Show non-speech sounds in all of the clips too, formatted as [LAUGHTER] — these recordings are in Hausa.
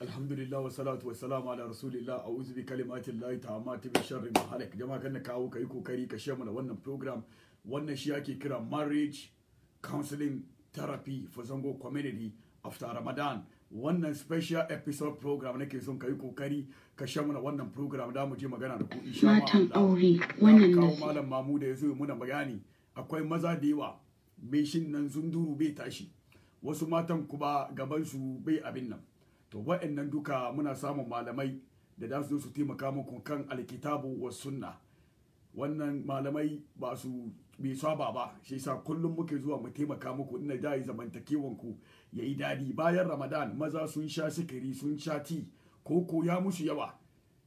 alhamdulillah wa salatu wa salamu ala rasulillah a uzu bi kalimatin lahi ta amma ta bi sharri kan na kawo ka yi kokari ka shemu da wannan program wannan shi ake kira marriage counseling therapy for zango community after ramadan wannan special episode program nake son ka yi kokari ka share mana wannan program da mu je magana da ku insha Allah matan aure wannan kawo malam mamu da yazo muna bayani akwai maza da yawa mai shin nan zunduru bai tashi wasu matan kuba gaban su bai abin nan to wa'annan duka muna samun malamai da za su su taimaka muku kan alkitabu wa sunna wannan malamai ba su bai saba ba shi yasa kullum muke zuwa mu taimaka muku ina da yi zamantakewan ku ya yi dadi bayan ramadan maza sun sha sikiri sun sha ti ko ya musu yawa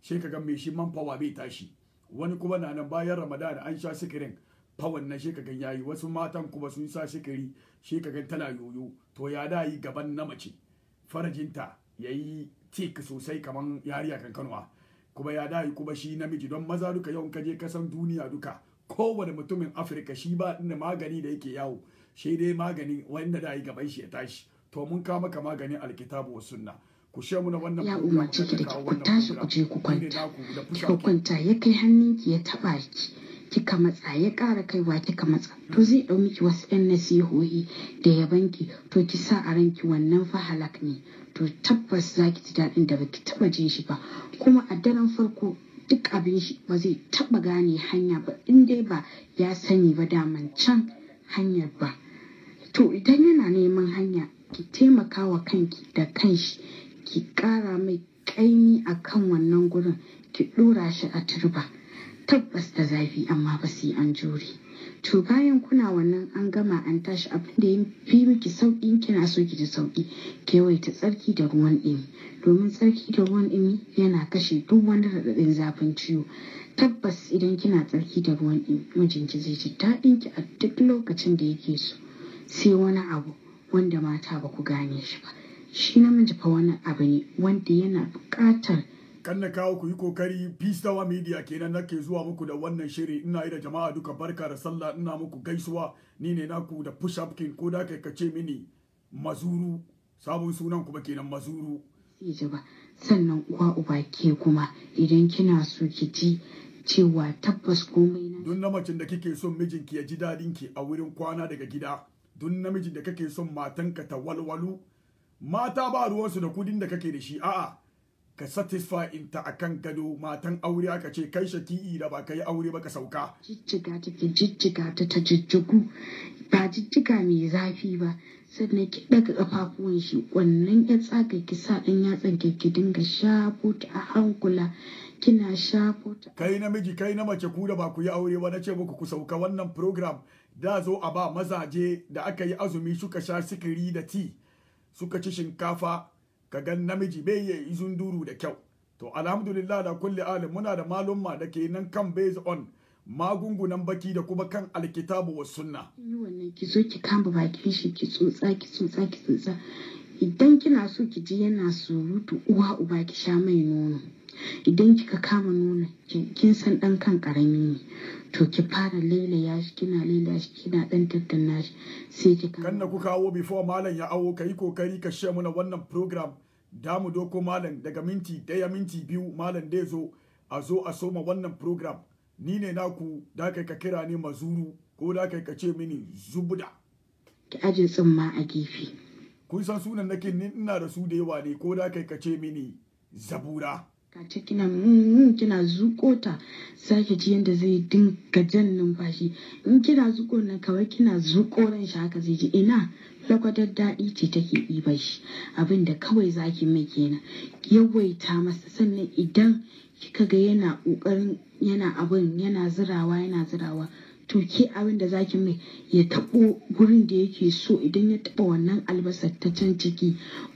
sai ka ga shi man fawa bai tashi wani kuma na nan bayan ramadan an sha sikirin fawan na shi ka gan yayi wasu matan kuma sun sha sikiri shi ka gan tana yoyo to ya da yi gaban na mace farajinta ya yi tik sosai kamar yari a kankanwa kuma ya dayi kuma shi namiji don maza duka yawan kaje kasan duniya duka kowane mutumin afirka shi ba inda magani da yake yawo shi dai magani wanda da yi gaban shi ya tashi to mun kawo maka maganin alkitabu wa sunna ku mu muna wannan ya umarci ki da ku tashi ku je ku kwanta ku kwanta ya kai hannunki ya taba ki kika matsa ya ƙara kaiwa kika matsa to zai ɗau miki wasu 'yan nasihohi da ya banki to ki sa a ranki wannan fahalak ne to tabbas za ki ji daɗin da baki taɓa jin shi ba kuma a daren farko duk abin shi ba zai taɓa gane hanya ba in dai ba ya sani ba daman can hanyar ba to idan yana neman hanya ki taimaka wa kanki da kanshi ki ƙara mai ƙaimi a kan wannan gurin ki ɗora shi a turba. tabbas da zafi amma ba yi an jure to bayan kuna wannan an gama an tashi abin da ya fi miki sauƙi kina so ki ji sauƙi kewaita tsarki da ruwan ɗimi domin tsarki da ruwan ɗimi yana kashe duk wani raɗaɗin zafin ciwo tabbas idan kina tsarki da ruwan ɗimi mijinki zai ji daɗin ki a duk lokacin da yake so sai wani abu wanda mata ba ku gane shi ba shi namiji fa wani abu ne wanda yana buƙatar kan na kawo ku yi kokari peace tower media kenan nake zuwa muku da wannan shiri ina yi da jama'a duka barka da sallah ina muku gaisuwa ni ne naku da push up king ko da kai ka ce mini mazuru sabon sunan kuma kenan mazuru sannan uwa uba ke kuma idan kina so ki ji cewa tabbas komai na don namacin da kike son mijinki ya ji dadin ki a wurin kwana daga gida don namijin da kake son matanka ta walwalu mata ba ruwansu da kudin da kake da shi a'a ka satisfy inta a kan gado matan aure aka ce kai shaki'i da ba ka yi aure ba ka sauka jijjiga ta jijjiga ta ta jijjigu ba jijjiga mai zafi ba sannan ki ɗaga kafafuwan shi wannan ya tsaga ki sa ɗan yatsan ki ki dinga shafo ta a hankula kina shafo ta kai namiji kai na mace ku da ba ku yi aure ba na ce muku ku sauka wannan program da zo a ba mazaje da aka yi azumi suka sha sikiri da ti suka ci shinkafa ka gan namiji bai ya yi zunduru da kyau to alhamdulillah da kulli alim muna da malumma da ke nan kan base on magungunan baki da kuma kan alkitabu wa sunna wannan ki zo ki kama bakin shi ki tsotsa ki tsotsa ki tsotsa idan kina so ki ji yana surutu uwa uba ki sha mai nono idan kika kama nono kin san dan kan karami ne to ki fara ya shi kina lailaya shi kina dan tattauna shi sai ki kan na ku kawo before malam ya awo kai kokari ka share muna wannan program damu doko malam daga minti daya minti biyu malam da zo a zo a soma wannan program ni ne naku da kai ka kira ni mazuru ko da kai ka ce mini zubuda ki ajin tsumma a gefe kun san sunan nake ni ina da su da yawa ne ko da kai ka ce mini zabura kace kina mm kina zuko ta sake ji yanda zai dinga jan numfashi in kina zuko nan kawai kina zuko ran shi haka zai ji ina lokacin daɗi ce take ɗiba shi abin da kawai zaki mai kenan yawaita masa sannan idan kika ga yana kokarin yana abin yana zirawa yana zirawa to ke abin da zaki mai ya taɓo gurin da yake so idan ya taɓa wannan albasar ta can ciki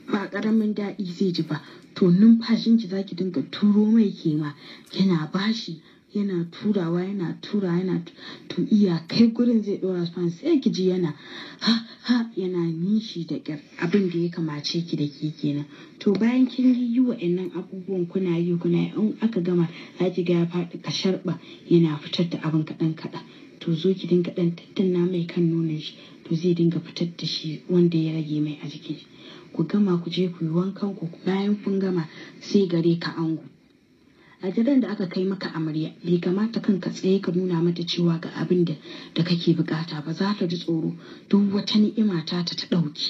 ba karamin daɗi zai ji ba to numfashin ki zaki dinga turo mai kema yana bashi yana turawa yana tura yana to iya kai gurin zai ɗora span sai ki ji yana ha ha yana nishi da kyar abin da ya kamace ki da ke kenan to bayan kin yi wa'annan abubuwan kuna yi kuna yi in aka gama za ga ya faɗi ka sharɓa yana fitar da abin kaɗan kaɗan to zo ki dinga ɗan tattauna mai kan nonon shi to zai dinga fitar da shi wanda ya rage mai a jikin shi ku gama ku je ku yi wankan ku bayan kun gama sai gare ka ango a jiran da aka kai maka amarya bai kamata kan ka tsaye ka nuna mata cewa ga abin da da kake bukata ba za ta ji tsoro duk wata ni'ima ta ta ɗauki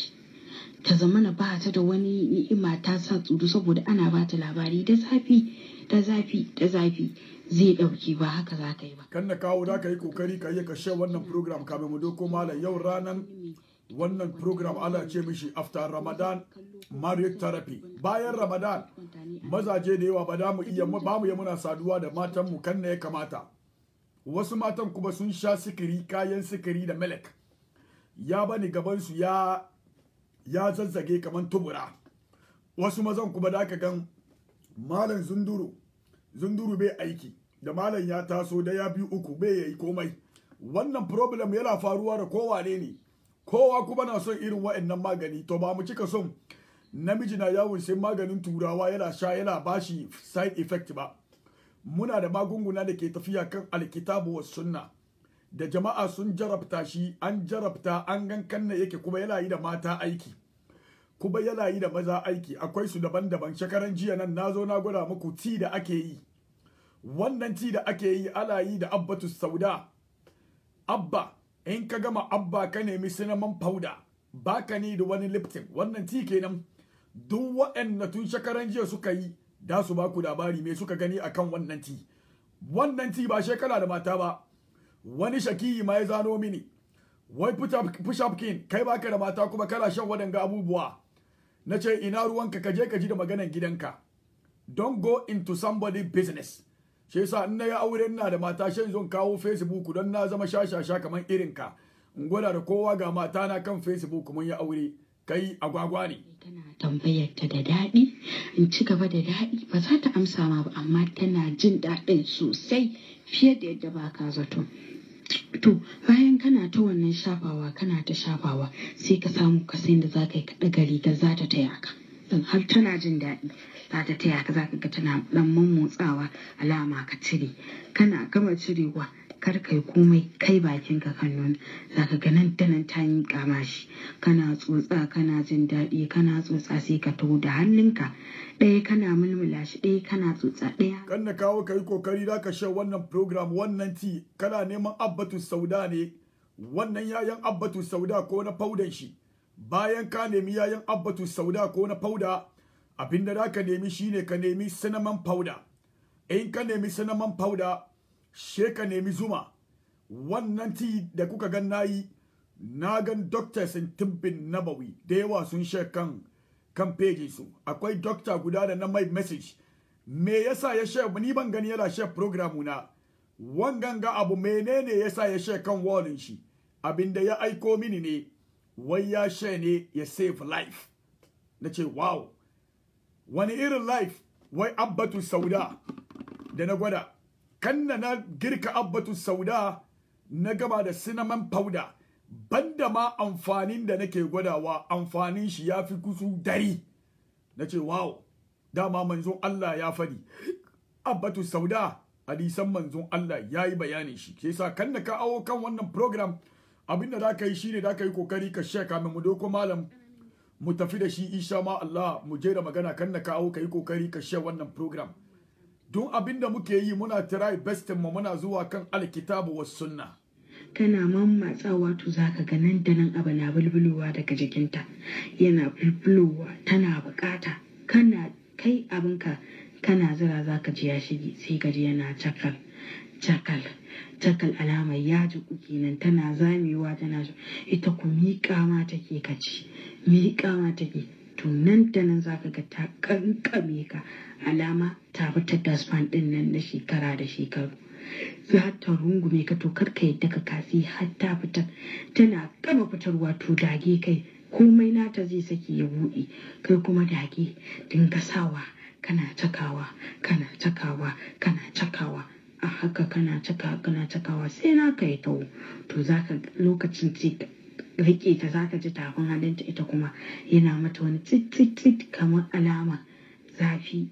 ta zamana ba ta da wani ni'ima ta sa tsoro saboda ana ba ta labari da zafi da zafi da zafi zai ɗauke ba haka za ka yi ba. Kan na kawo za ka yi kokari ka yi kashe wannan program kamin mu doko malam yau ranar wannan program ana ce mishi after ramadan marriage therapy bayan ramadan mazaje da yawa ba da mu iya ba mu ya muna saduwa da matan mu kan ne ya kamata wasu matan kuma sun sha sikiri kayan sikiri da melek ya bani gaban su ya ya zazzage kaman tubura wasu mazan kuma da ka gan malam zunduru zunduru bai aiki da malam ya taso da ya biyu uku bai yayi komai wannan problem yana faruwa da kowane ne kowa kuma na son irin wa'annan magani to ba mu cika son namiji na yawon sai maganin turawa yana sha yana bashi side effect ba muna da magunguna da ke tafiya kan alkitabu wa sunna da jama'a sun jarabta shi an jarabta an gan kanna yake kuma yana yi da mata aiki kuma yana yi da maza aiki akwai su daban-daban shekaran jiya nan na zo na gwada muku ti da ake yi wannan ti da ake yi ala yi da abbatus sauda abba in ka gama abba ka nemi cinnamon powder baka ni da wani liptin wannan ti kenan duk waɗanda tun shekaran jiya suka yi da su baku labari mai suka gani akan wannan ti wannan ti ba shekara da mata ba wani shakiyi ma ya zano mini wai king kai baka da mata kuma kana shan waɗanga abubuwa na ce ina ruwanka ka je ka ji da maganan gidanka don go into somebody business shi yasa in na yi aure ina da mata shan zon kawo facebook don na zama shashasha kamar irin ka in gwada da kowa ga mata na kan facebook mun yi aure kai agwagwa ne tana tambayar ta da daɗi in ci gaba da daɗi ba za ta amsa ma ba amma tana jin daɗin sosai fiye da yadda ba ka zato to bayan kana ta wannan shafawa kana ta shafawa sai ka samu kasayin da za ka yi ka ɗaga rigar za ta taya ka din har tana jin daɗi za ta taya ka za ka ga tana ɗan motsawa alama ka cire kana gama cirewa kar kai komai kai bakin ka kan nuna za ka ga nan ta nan ta yi kamashi kana tsotsa kana jin daɗi kana tsotsa sai ka taho da hannunka ɗaya kana mulmula shi ɗaya kana tsotsa ɗaya. kan na kawo ka yi kokari za ka shan wannan program wannan ti kana neman abbatu sauda ne wannan yayan abbatu sauda ko na faudan shi. bayan ka nemi yayan abbatu sauda ko na fauda abinda da ka nemi shine ka nemi sinaman fauda in ka nemi sinaman fauda she ka nemi zuma wannan ti da kuka gan nayi na gan doctors in tibbin nabawi da yawa sun she kan kan su akwai doctor guda da na mai message me yasa ya she ni ban gani yana she program na wangan ga abu menene yasa ya she kan wallin shi abinda ya aiko mini ne wai ya sha ne ya save life na ce wow wani irin life wai abbatu sauda da na gwada kanna na girka abbatu sauda na gaba da cinnamon powder banda ma amfanin da nake gwadawa amfanin shi ya fi kusu dari na ce wow dama manzon Allah ya fadi abbatu sauda hadisan manzon Allah ya yi bayanin shi Ke sa kan ka awo kan wannan program abin da za ka yi shi ne za ka yi kokari ka sheka kamin mu doko malam mu tafi da shi isha ma Allah mu je da magana kan na kawo ka yi kokari ka share wannan program don abin da muke yi muna try best mu muna zuwa kan alkitabu was sunna tana mammatsa to zaka ga nan da nan abu na bulbulowa daga jikinta yana bulbulowa tana bukata kana kai abinka kana zira zaka ji ya shige sai gaji yana chakal cakal takal alama ya kuke nan tana zamewa tana ita ku miƙa ma take kaci miƙa ma take to nan da nan zaka ga ta ƙanƙame ka alama ta bi ta dasfan din nan na shekara da shekaru za ta rungume ka to karka yadda ka kasi har ta fita tana gama fitarwa to dage kai komai nata zai saki ya buɗe kai kuma dage dinga sawa kana cakawa kana cakawa kana cakawa a haka kana caka kana cakawa sai na kai tau to zaka lokacin ci rike ta zaka ji tafin halinta ita kuma yana mata wani tsit kamar alama zafi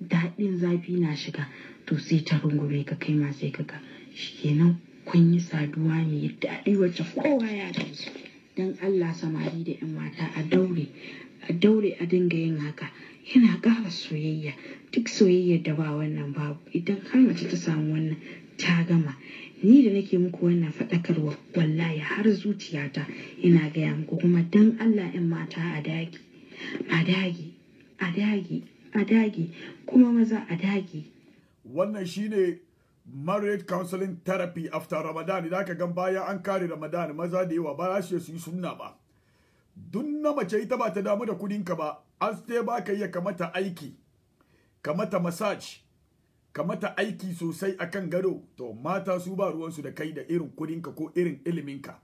daɗin zafi na shiga to sai ta rungume ka kai ma sai kaga kenan kun yi saduwa ne daɗi wacce kowa ya gamsu don Allah samari da 'yan mata a daure a daure a dinga yin haka yana ƙara soyayya duk soyayyar da ba wannan babu idan har mace ta samu wannan ta gama ni da nake muku wannan faɗakarwa wallahi har zuciyata ina gaya muku kuma dan Allah 'yan mata a dage a dage a dage kuma maza a dage wannan shine marriage counseling therapy after ramadan idan ka gan baya an kare ramadan maza da yawa ba za su yi sunna ba duk na mace ita ba ta damu da kudinka ba an sai ba ka iya kamata aiki kamata massage kamata aiki sosai akan gado to mata su ba ruwansu da kai da irin kudinka ko irin iliminka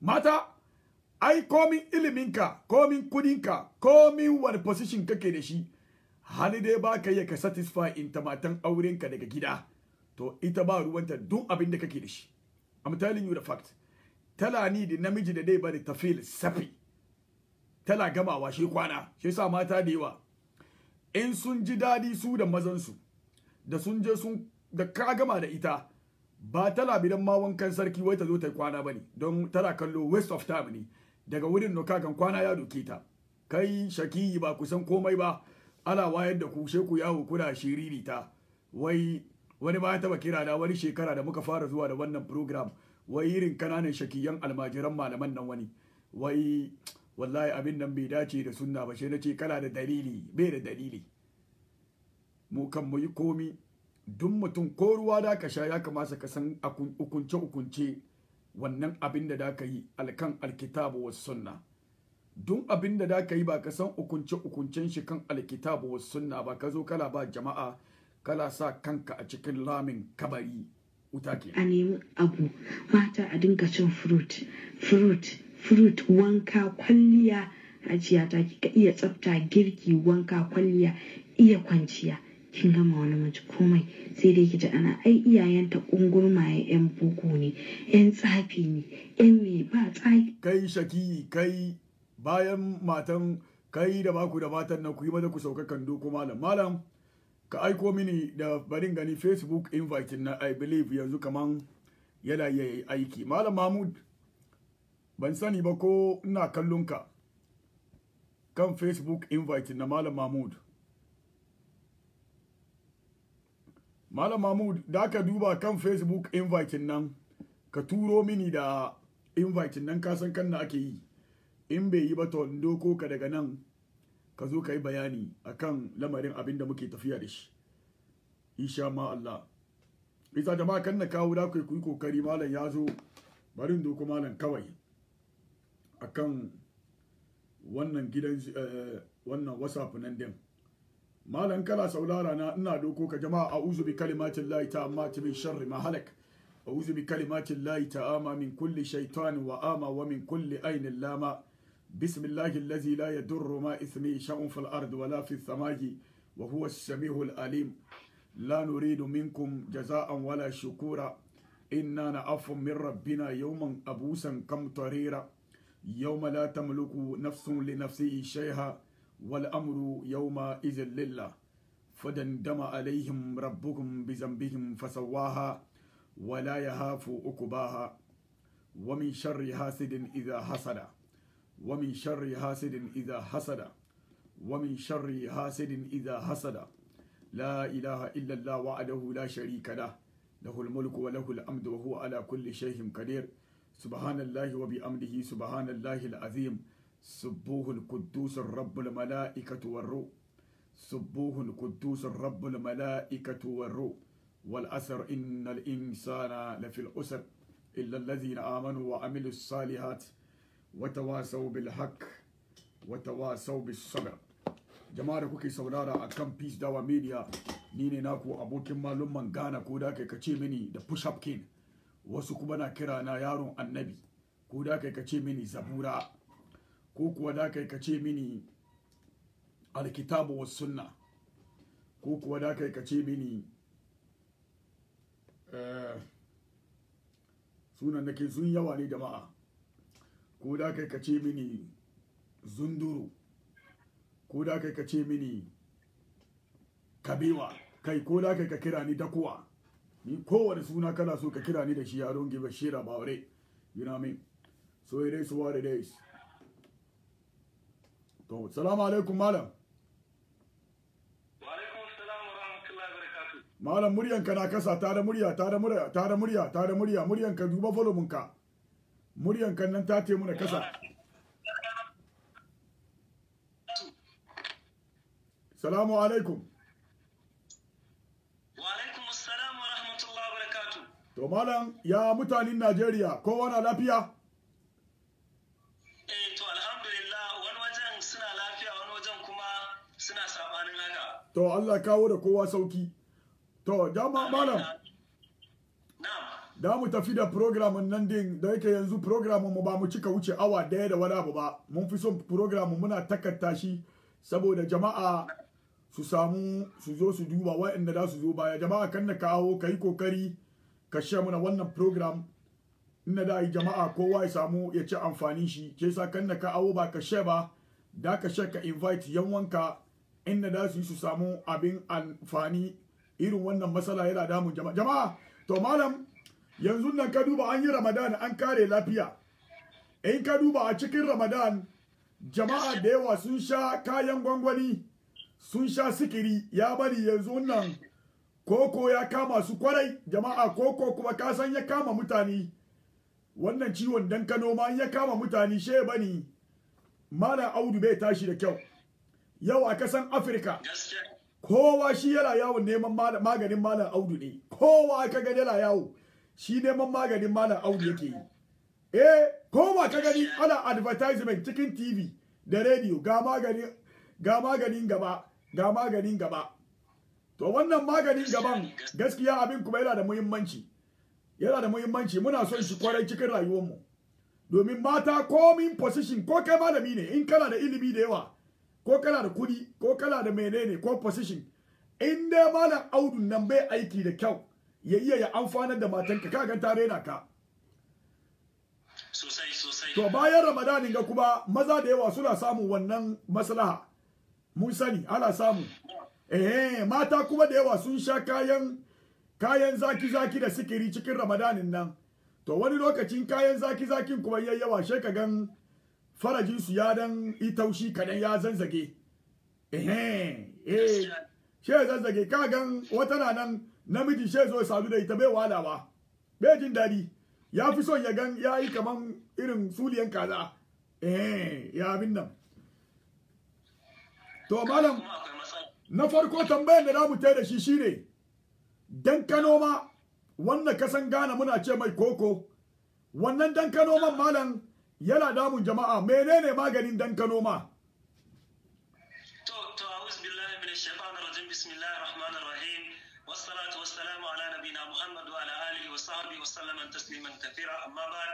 mata ai komin iliminka komin kudinka komin wani position kake da shi hali dai ba ka iya ka satisfy ta matan aurenka daga gida to ita ba ruwanta duk abin da kake da shi i'm telling you the fact tala ni da namiji da dai ba ta tafil safi tana gamawa shi kwana shi sa mata da yawa in sun ji dadi su da mazansu da sun je sun da ka gama da ita ba tana bidan ma wankan sarki wai ta zo ta yi kwana bane don tana kallo waste of time ne daga wurin no kan kwana ya doke ta kai shakiyi ba kusan komai ba ana wayar da ku sheku yawo kuna ne ta wai wani ba ya taba kira da wani shekara da muka fara zuwa da wannan program wai irin kananan shakiyan almajiran malaman nan wani wai wallahi abin nan bai dace da sunna ba shi na ce kana da dalili bai da dalili mu kan mu yi komi duk mutum ko ruwa da ka sha ya kamata ka san ukunce ukunce wannan abin da ka yi alkan alkitabu wa sunna duk abin da ka yi ba ka san ukunce ukuncen shi kan alkitabu wa sunna ba ka zo kala ba jama'a kala sa kanka a cikin lamin kabari wuta a nemi abu mata a dinka cin fruit fruit fruit wanka kwalliya ajiyata ta kika iya tsafta girki wanka kwalliya iya kwanciya kin gama wani mace komai sai dai kita ana ai iyayenta kungurmaye yan boko ne yan tsafi ne yan me ba tsaki kai shaki kai bayan matan kai da baku da matan na ku maza ku sauka kando ko malam malam ka aiko mini da barin gani facebook invite na i believe yanzu kaman yana yayi aiki malam mahmud ban sani ba ko ina kallon ka kan facebook invite na malam mahmud malam mahmud da ka duba kan facebook invite nan ka turo mini da invite nan ka san kan ake yi in bai yi ba to doko ka daga nan ka zo ka yi bayani akan lamarin abin da muke tafiya da shi insha ma Allah ita jama'a kan na kawo da ku yi kokari malam ya zo barin doko malam kawai akan wannan gidan wannan whatsapp nan din malan kala saulara na ina doko ka jama'a a'udhu bi kalimatin lahi ta'ama min sharri ma halak a'udhu bi kalimatin lahi ta'ama min kulli shaytan wa ama wa min kulli ainin lama بسم الله الذي لا ma ismi sha'un fil في الأرض ولا في wa وهو السميع samiul alim la منكم جزاء ولا شكورا shukura inna من ربنا يوما أبوسا abusan kam tarira يوم لا تملك نفس لنفسه شيئا والأمر يومئذ لله فدندم عليهم ربكم بذنبهم فسواها ولا يهاف أكباها ومن شر حاسد إذا حسد ومن شر حاسد إذا حسد ومن شر حاسد إذا حسد لا إله إلا الله وحده لا شريك له له الملك وله الحمد وهو على كل شيء قدير subhanallahi wa bihamdihi subhanallahi alazim subuhul quddus rabbul malaikatu warru subuhul quddus rabbul malaikatu warru wal asr innal insana lafi usr illa amanu wa amilus salihat wa tawasaw bil haqq wa tawasaw bis sabr jama'a da kuke saurara akan Peace Dawa Media ni ne naku abokin malumman Ghana ko da kai kace mini da push up king wasu kuma na kira na yaron annabi ko da kai ka ce mini zabura ko kuwa da kai ka ce mini alkitabu wa sunna ko kuwa da kai ka ce mini eh, sunan da ke sun yawa ne jama'a ko da kai ka ce mini zunduru ko da kai ka ce mini kabewa kai ko da kai ka kira ni dakuwa ni kowane suna kana so ka kira ni da shi I don't give a shit about it you know what I mean so it is what it is to salamu alaikum malam malam muryan ka na kasa ta da murya ta da murya ta da murya ta da murya muryan ka duba volume ka muryan ka nan ta te na kasa salamu alaikum to malam ya mutanen najeriya kowa na lafiya eh, to alhamdulillah wani wajen suna lafiya wani wajen kuma suna sabanin haka to allah kawo da kowa sauki to jama malam da mu tafi da program nan din da yake yanzu program mu ba mu cika wuce awa daya da wani ba mun fi son program muna takarta shi saboda jama'a su samu su zo su duba waɗanda za su zo baya jama'a kan na kawo ka yi kokari kashe muna wannan program na da jama'a kowa ya samu ya ci amfani shi ke sa kan da ka awo ba kashe ba da ka ka invite yan wanka ina da su su samu abin amfani irin wannan matsala yana mu jama'a jama'a to malam yanzu nan ka duba an yi ramadan an kare lafiya in ka duba a cikin ramadan jama'a da yawa sun sha kayan gwangwani sun sha sikiri ya bari yanzu nan koko ya kama su kwarai jama'a koko kuma ka san ya kama mutane wannan ciwon dan kano ma ya kama mutane she bani mana audu bai tashi da kyau yau a kasan afirka kowa shi yana yawon neman maganin malam audu ne kowa ka ga yana yawo shi neman maganin malam audu yake yi eh kowa ka gani ana advertisement cikin tv da radio ga maganin gaba ga maganin gaba to wannan maganin gaban gaskiya abin kuma yana da muhimmanci yana da muhimmanci muna son shi kwarai cikin rayuwarmu domin mata komin position ko kai malami ne in kana da ilimi da yawa ko kana da kudi ko kana da menene ko position in dai malam audun nan bai aiki da kyau ya iya ya amfanar da matanka ka ga tare na ka to bayan ramadanin ga kuma maza da yawa suna samun wannan maslaha mun sani ana samu eh mata kuma da yawa sun sha kayan kayan zaki zaki da sikiri cikin ramadanin nan to wani lokacin kayan zaki zakin kuma yayi yawa shai ka gan farajin su ya dan itaushi kadan ya zanzage eh eh she zanzage ka gan wata na nan namiji she zo sadu da ita bai walawa bai jin dadi ya fi son ya gan ya yi kaman irin suliyan kaza eh ya abin nan to malam na farko tambayar da zamu tai da shi shine dan kano wannan kasan Ghana muna ce mai koko wannan dan kano malam yana damun jama'a menene maganin dan kano ma to to a'udhu billahi minash shaitanir rajim bismillahir rahmanir rahim wassalatu wassalamu ala nabina muhammad wa ala alihi wa sahbihi wa sallama tasliman kathira amma ba,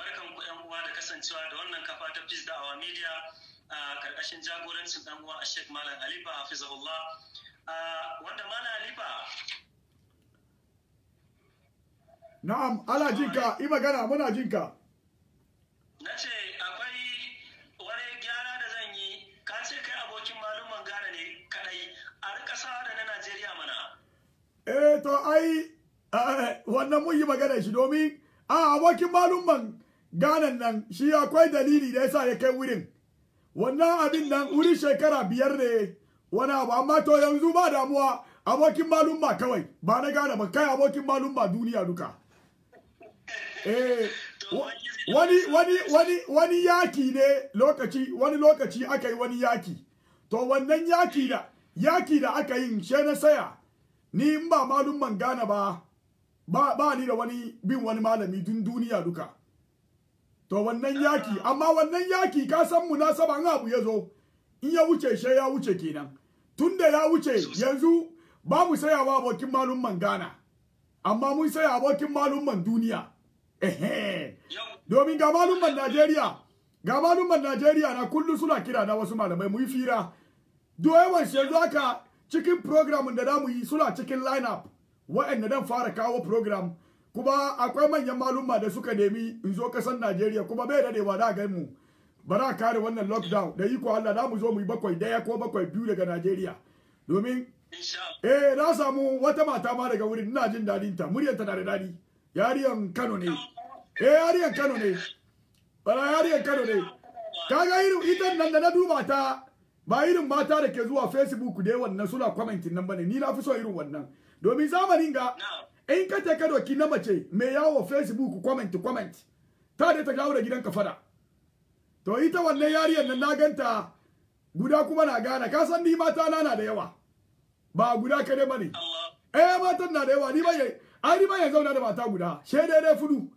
barkan ku yan uwa da kasancewa da wannan kafa ta Peace Da'awa Media a karkashin jagorancin dan uwa Sheikh Malam Alifa hafizahullah wanda Malam Alifa Na'am, ana jinka, yi magana muna jinka. Na ce akwai wani gyara da zan yi, ka ce kai abokin maluman Ghana ne kadai, a rika sawa da na Najeriya mana. Eh to ai eh, wannan mun yi magana shi domin a abokin maluman Ghana nan shi akwai dalili da yasa ya kai wurin. wannan abin nan wurin shekara biyar ne wani abu amma to yanzu ba damuwa abokin malumma kawai ba na gane ba kai abokin malumma duniya duka eh wani wani yaki ne lokaci wani lokaci aka yi wani yaki to wannan yaki da yaki da aka yi she na saya ni in ba malumman gane ba ba ni da wani bin wani malami dun duniya duka to wannan yaki amma wannan yaki ka san munasaba in abu ya zo in ya wuce she ya wuce kenan tunda ya wuce yanzu ba mu saya ba abokin malumman Ghana amma mun saya abokin malumman duniya ehe domin ga malumman Najeriya ga malumman Najeriya na kullum suna kira na wasu malamai mu yi fira doyewan shi yanzu haka cikin program da za mu yi suna cikin line up wa'anda dan fara kawo program kuma akwai manyan malumma da suka nemi in zo kasan Najeriya kuma bai dadewa da gan mu ba za kare wannan lockdown da iko Allah za mu zo mu yi bakwai daya ko bakwai biyu daga Najeriya domin eh na samu wata mata ma daga wurin ina jin dadin ta muryanta da dadi yariyan Kano ne eh yariyan Kano ne bara yariyan Kano ne kaga irin idan nan da na duba ta ba irin mata da ke zuwa Facebook da wannan suna commenting nan bane ni na fi so irin wannan domin zamanin ga in ka ta doki na mace mai yawo facebook comment comment ta da ta jawo da gidanka fada to ita wannan yariyar nan na ganta guda kuma na gana ka san ni mata na na da yawa ba guda kare bane eh matan na da yawa ni bai ai ni bai zauna da mata guda she dai dai fudu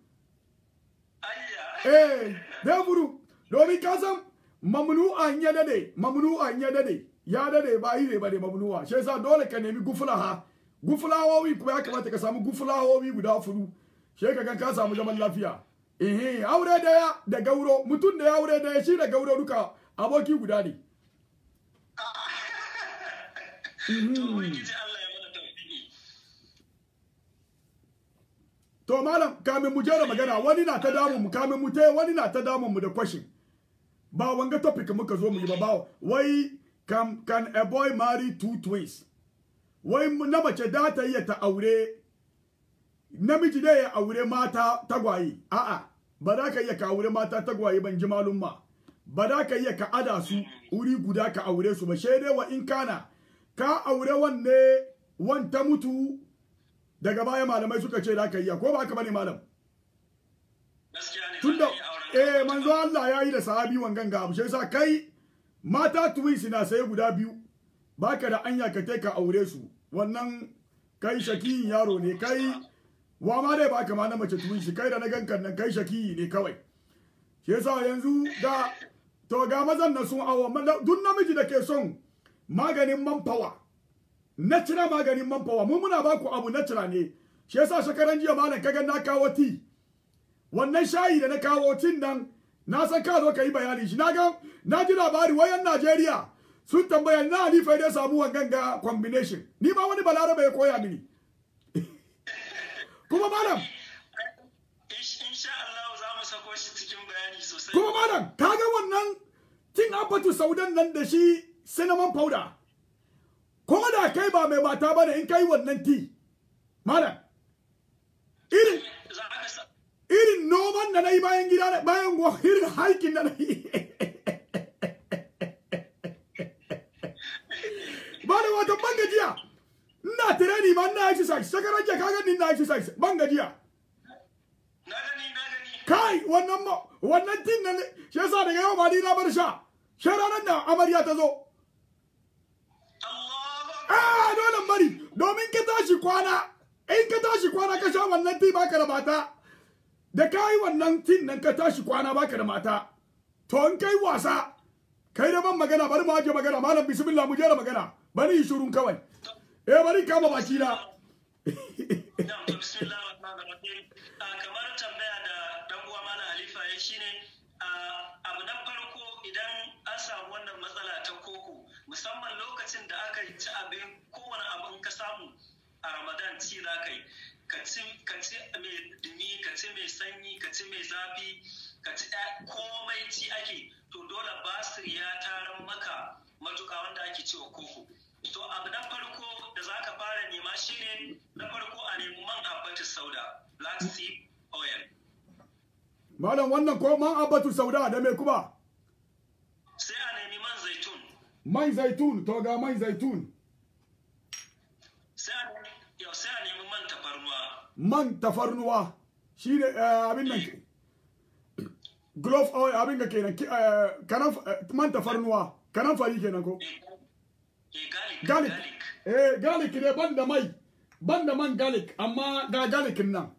eh dai fudu domin ka san mamnu'an ya dade mamnu'an ya dade ya dade ba yi ne de mamnu'a she yasa dole ka nemi ha. gufulawowi kuma ya kamata ka samu gufulawowi guda furu sai ka ka samu zaman lafiya eh aure daya da gauro mutum da ya aure daya shi da gauro duka aboki guda ne [LAUGHS] mhm. To malam kamin mu je da magana wani na ta damun mu kamin mu ta wani na ta damun mu da question Ba wanga topic muka zo mu yi ba bawo. Wai can can a boy marry two twins? wai na mace da ta yi ta aure namiji da ya aure mata tagwaye a'a ba za ka iya ka aure mata tagwaye ban ji malum ma ba za ka iya ka ada su wuri guda ka aure su ba sai dai wa in kana ka aure wanne wan ta mutu daga baya malamai suka ce za ka iya ko ba ka bane malam tunda eh manzo Allah ya yi da sahabi wangan ga abu sai sa kai mata twins na sai guda biyu baka da anya ka kai ka aure su wannan kai shakiyin yaro ne kai wa ma dai baka ma na mace tuwin shi kai da na gankan nan kai shakiyi ne kawai shi yasa yanzu da to ga mazan na sun awo duk namiji da ke son maganin manfawa na cira maganin manfawa mu muna baku abu na cira ne shi yasa shekaran jiya malam kaga na kawo ti wannan shayi da na kawo tin nan na san ka zo ka yi bayani shi na ga na ji labari wayan Najeriya sun tambaya na fa idan samu wangan ga combination ni ma wani balarabe ya koya mini kuma malam kuma malam ka ga wannan tin abatu saudan nan da shi cinnamon powder ko da kai ba mai mata bane in kai wannan ti malam irin irin noman da na yi bayan gida bayan [LAUGHS] irin haikin da na wato ban gajiya ina training ma ina exercise sakaran jiya kaga ni ina exercise ban gajiya kai wannan ma wannan tin nan shi yasa daga yau ba ni na bar sha shi ranar da amarya ta zo Ah, dole bari domin ka tashi kwana in ka tashi kwana ka sha wannan tin baka da mata da kai wannan tin nan ka tashi kwana baka da mata to in kai wasa kai da ban magana bari mu aje magana malam bismillah mu jera magana bari yi shurun kawai eh bari kama baki na ah, kamar tambaya da ɗan uwa shine ah, idan an samu wannan matsala ta koko musamman lokacin da aka ci kowane abin ka a ramadan za ka yi mai dumi ka ci mai sanyi ka ci mai zafi ka ci eh, komai ci ake to dole basir ya tarar maka matuƙa wanda ake cewa koko to abu na farko da za ka fara nema shine na farko a nemi man abatu sauda black seed oil malam wannan ko man abatu sauda da me kuma sai a nemi man zaitun man zaitun to ga man zaitun sai a nemi man tafarnuwa man tafarnuwa shi ne eh, abin nan eh, glove oil oh, abin ga kenan eh, kanan eh, man tafarnuwa kanan fari kenan ko eh, garlic eh garlic ne ban da mai ban da man garlic amma ga garlic nan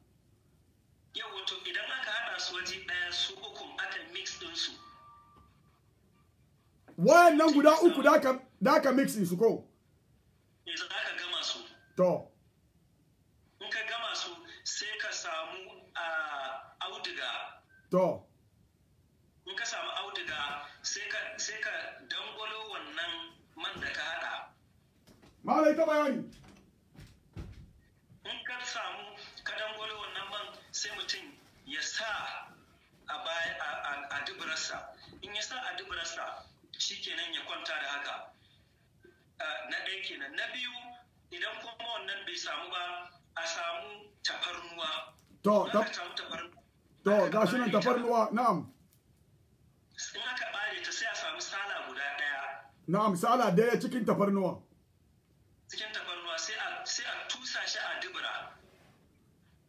yau to idan aka hada su waje daya su uku aka mix din su nan guda uku da ka da ka mix su ko gama su to in ka gama su sai ka samu ah, auduga to malai ta bayani in ka samu kadan gole wannan man sai mutum ya sa a dubarsa in ya sa a shi kenan ya kwanta da haka na ɗaya kenan na biyu idan kuma wannan bai samu ba a samu tafarnuwa to to ga shi nan tafarnuwa na'am in aka bare ta sai a samu sala guda ɗaya na'am sala ɗaya cikin tafarnuwa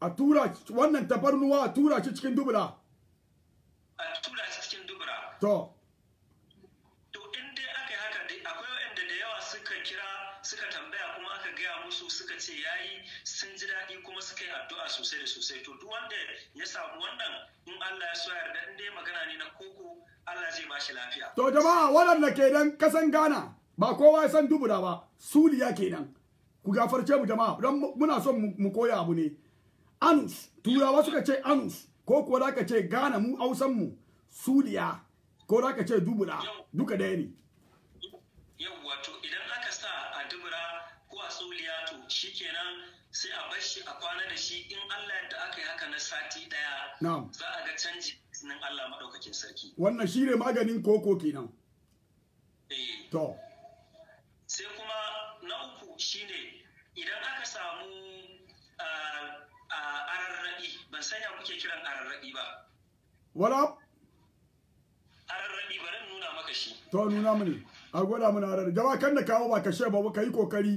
a tura wannan tabarnuwa a tura shi cikin dubura a tura shi cikin dubura to to in dai aka yi haka dai akwai waɗanda da yawa suka kira suka tambaya kuma aka gaya musu suka ce yayi sun ji daɗi kuma suka yi addu'a sosai da sosai to duk wanda ya samu wannan in Allah ya so ya yarda in dai magana ne na koko Allah zai ba shi lafiya to jama'a waɗanda ke dan kasan Ghana ba kowa ya san dubura ba suliya kenan ku gafarce mu jama'a don muna son mu koya abu ne anus turawa suka ce anus ko kuwa za ka ce gana mu ausanmu mu suliya ko za ka ce dubura duka daya ne yawwa to idan aka sa a dubura ko a suliya to shi kenan sai a bar shi a kwana da shi in Allah yadda aka yi haka na sati daya za a ga canji nan Allah maɗaukakin sarki wannan shi ne maganin koko kenan eh. to sai kuma na uku shine idan aka samu ararraɗi ban sanya kuke kiran ararra'i ba Wala. ararra'i ararraɗi bari nuna maka shi to nuna mini a gwada mana ararraɗi gaba kan da kawo ba ka she ba ka yi kokari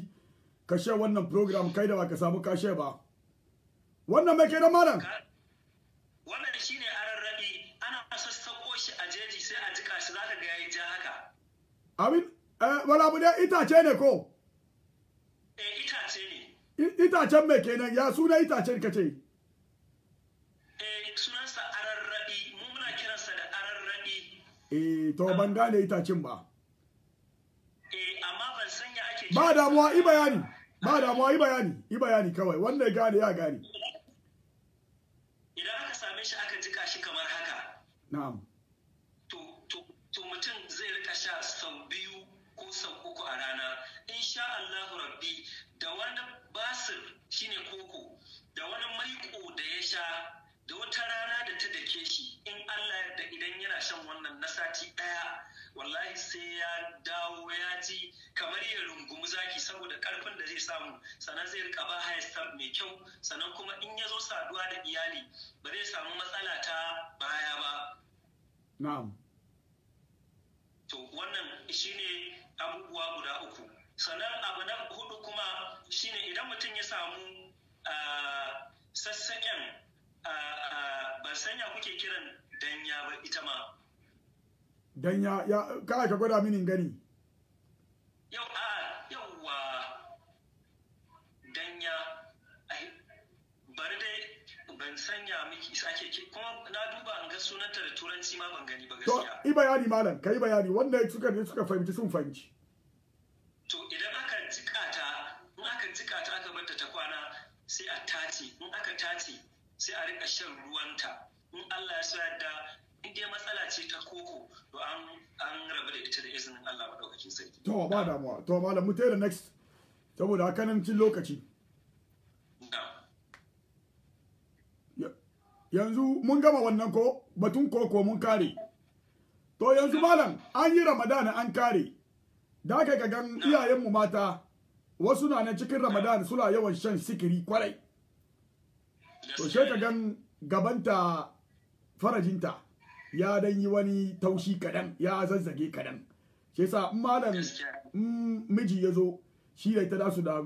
ka she wannan program kai da ba ka samu ka she ba wannan mai kenan malam wannan shine ararra'i ana sassako shi a jeji sai a jika shi zaka ga yayi ja haka abin eh wala mu dai itace ne ko itacen mai kenan ya suna itacen ka ce eh, ararraɗi muna kiransa da ararraɗi eh, to ban gane itacen ba eh amma ban sanya ake ba damuwa i bayani ba damuwa yi bayani i bayani kawai wanda ya gane ya gane idan aka same shi aka jika shi kamar haka na'am zaki kamar ya rungumi zaki saboda karfin da zai samu sannan zai rika ba hayasta mai kyau sannan kuma in ya zo saduwa da iyali ba zai samu matsala ta baya ba na'am to wannan shi ne abubuwa guda uku sannan abu na hudu kuma shi ne idan mutum ya samu ah, sassaƙen ah, ah, ban sanya kuke kiran danya ba ita ma danya ya kana ka gwada mini gani sanya miki sake kuma na duba an ga sunanta da turanci ma ban gani ba gaskiya to i bayani malam kai bayani wanda suka ne suka fahimci sun fahimci to idan aka jika ta in aka jika ta aka bar ta kwana sai a tace in aka tace sai a rika shan ruwanta in Allah ya sa da in dai matsala ce ta koko to an an rabu da ita da izinin Allah madaukakin sarki to ba damuwa to malam mu tare next saboda hakanan cin lokaci yanzu mun gama wannan ko batun koko mun kare to yanzu malam an yi ramadana an kare da ka ga gan iyayenmu mata wasu na nan cikin ramadan suna yawan shan sikiri kwarai to sai ka gan gabanta farajinta ya dan yi wani taushi kadan ya zazzage kadan sai sa malam miji ya zo shi da ita da su da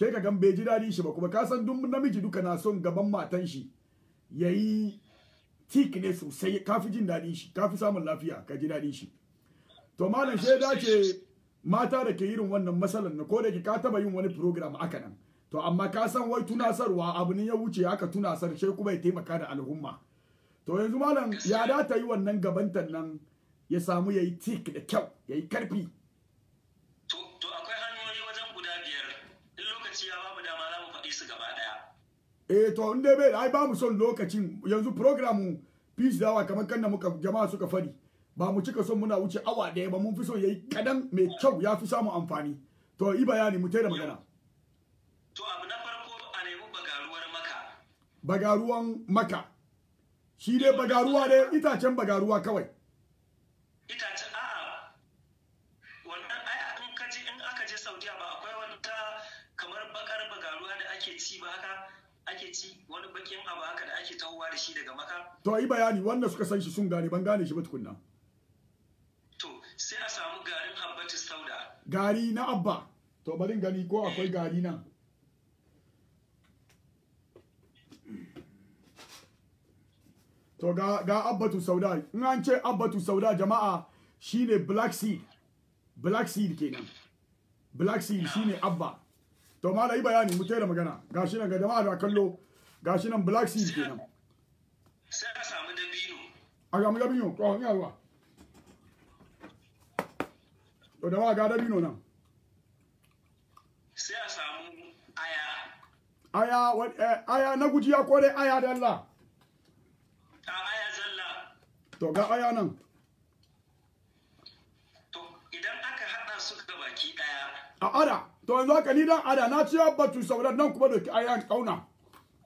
sai ka gan bai ji dadi shi ba kuma ka san duk namiji duka na son gaban matan shi ya yi tik ne sosai ka fi jin daɗin shi ka fi samun lafiya ka ji daɗin shi to malam shi ce mata da ke irin wannan matsalar na ko da ki ka taba yin wani program aka nan to amma ka san wai tunasarwa abu ne ya wuce aka tunasar shi kuma ya taimaka da alhumma. to yanzu malam ya da ta yi wannan gabantan nan ya samu ya yi tik da kyau ya yi karfi to eh to in dai bai ai ba mu son lokacin yanzu program peace dawa kamar kan da muka jama'a suka fari ba mu cika son muna wuce awa daya ba mun fi so yayi kadan mai kyau ya fi samu amfani to yi bayani mu da magana to abu na farko a nemi bagaruwar maka bagaruwan maka shi dai bagaruwa dai itacen bagaruwa kawai bakin abu haka da ake tawowa da shi daga maka to yi bayani wanda suka san shi sun gane ban gane shi ba tukunna to sai a samu garin habbatus sauda gari na abba to bari gani ko akwai gari na to ga ga abbatu sauda in an ce abbatu sauda jama'a shine black seed black seed kenan black seed shine abba to ma da yi bayani mu da magana gashi nan ga jama'a da kallo gashi nan black seed kenan sai a samu dabino a samu dabino to ina ruwa to da ga dabino nan sai a samu aya aya what eh, aya na guji ya kore aya da Allah ta aya zalla to ga aya nan to idan aka hada su ga baki daya a ada to yanzu aka ni dan ada na ciya batu saboda nan kuma doki aya kauna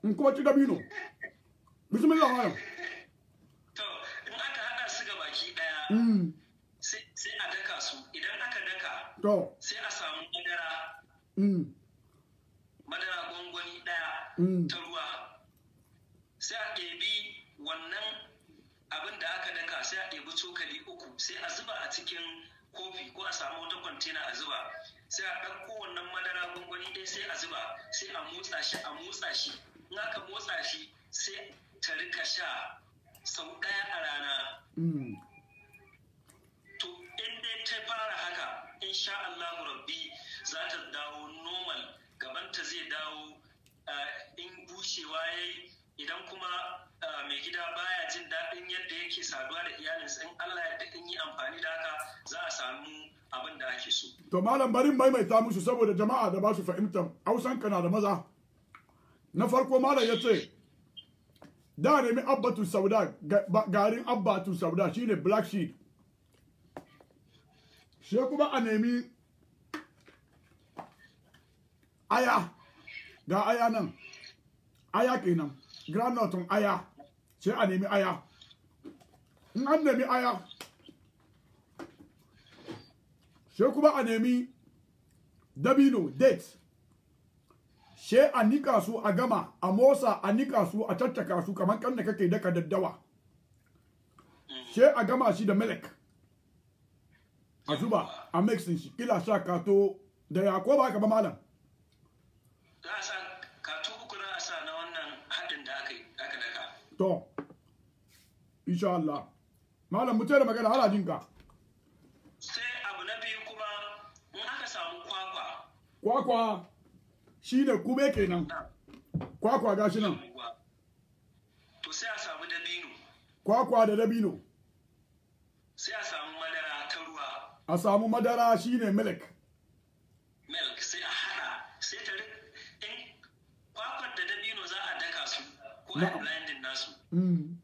in kuma ci dabino bismillah malam to in aka haɗa su ga baki ɗaya, mm. sai a daka su idan aka daka to sai a samu madara mm. madara gwangwani ɗaya mm. ta ruwa sai a ɗebi wannan abin da aka daka sai a ɗebi cokali uku sai a zuba a cikin kofi ko a samu wata kwantena a zuba sai a ɗauko wannan madara gwangwani ɗaya sai a zuba sai a motsa shi a motsa shi in aka motsa shi sai ta rika sha sau ɗaya a rana mm. to in dai ta fara haka in sha Allah rabbi za ta dawo normal ta zai dawo eh, in bushewa yi idan kuma eh, mai gida baya jin daɗin yadda yake saduwa da iyalinsa in Allah ya in yi amfani da haka za a samu abin da ake so. To malam barin maimaita musu saboda jama'a da ba su fahimtar Hausanka na da maza. na farko malam ya ce da nemi abbatu sauda garin abbatu sauda shine black sheep shi kuma a nemi aya ga aya nan aya kenan granoton aya sai a nemi aya in an nemi aya shi kuma a nemi dabino date she a nika su a gama a motsa a nika su a tattaka su kamar kanna kake daka daddawa she a gama shi da melek a zuba a mix shi kila sha kato da ya ko ba ka ba malam to insha Allah malam mutai da magana harajin ka sai abu na biyu kuma in aka samu kwakwa kwakwa shi ne kube kenan kwakwa gashi nan to sai a samu dabino kwakwa da dabino sai a samu madara ta ruwa a samu madara shine milk milk sai a hada sai ta in eh, kwakwar da dabino za a daka su ko a blending nasu mm.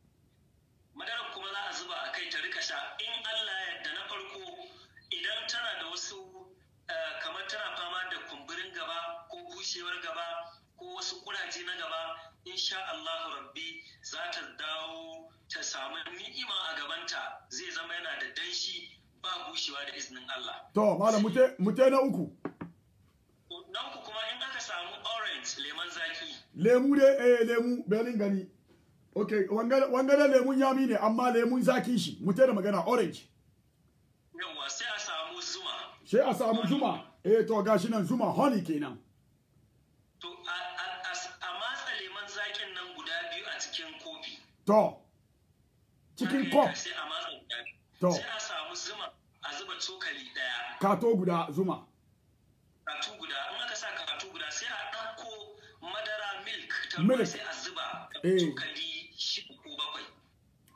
insha Allah rabbi za ta dawo ta samu ni'ima a gabanta zai zama yana da danshi ba gushewa da izinin Allah. To malam mute na uku. Na uku kuma in aka samu orange lemon zaki. Lemu dai eh lemu belin gani. Ok, wangare lemun yami ne amma lemun zaki shi mute da magana orange. Yawwa sai a samu zuma. Sai a samu zuma. Eh to gashi nan zuma honey kenan. to cikin kof to sai kato guda zuma kato guda sa kato a ɗauko madara sai a zuba eh. cokali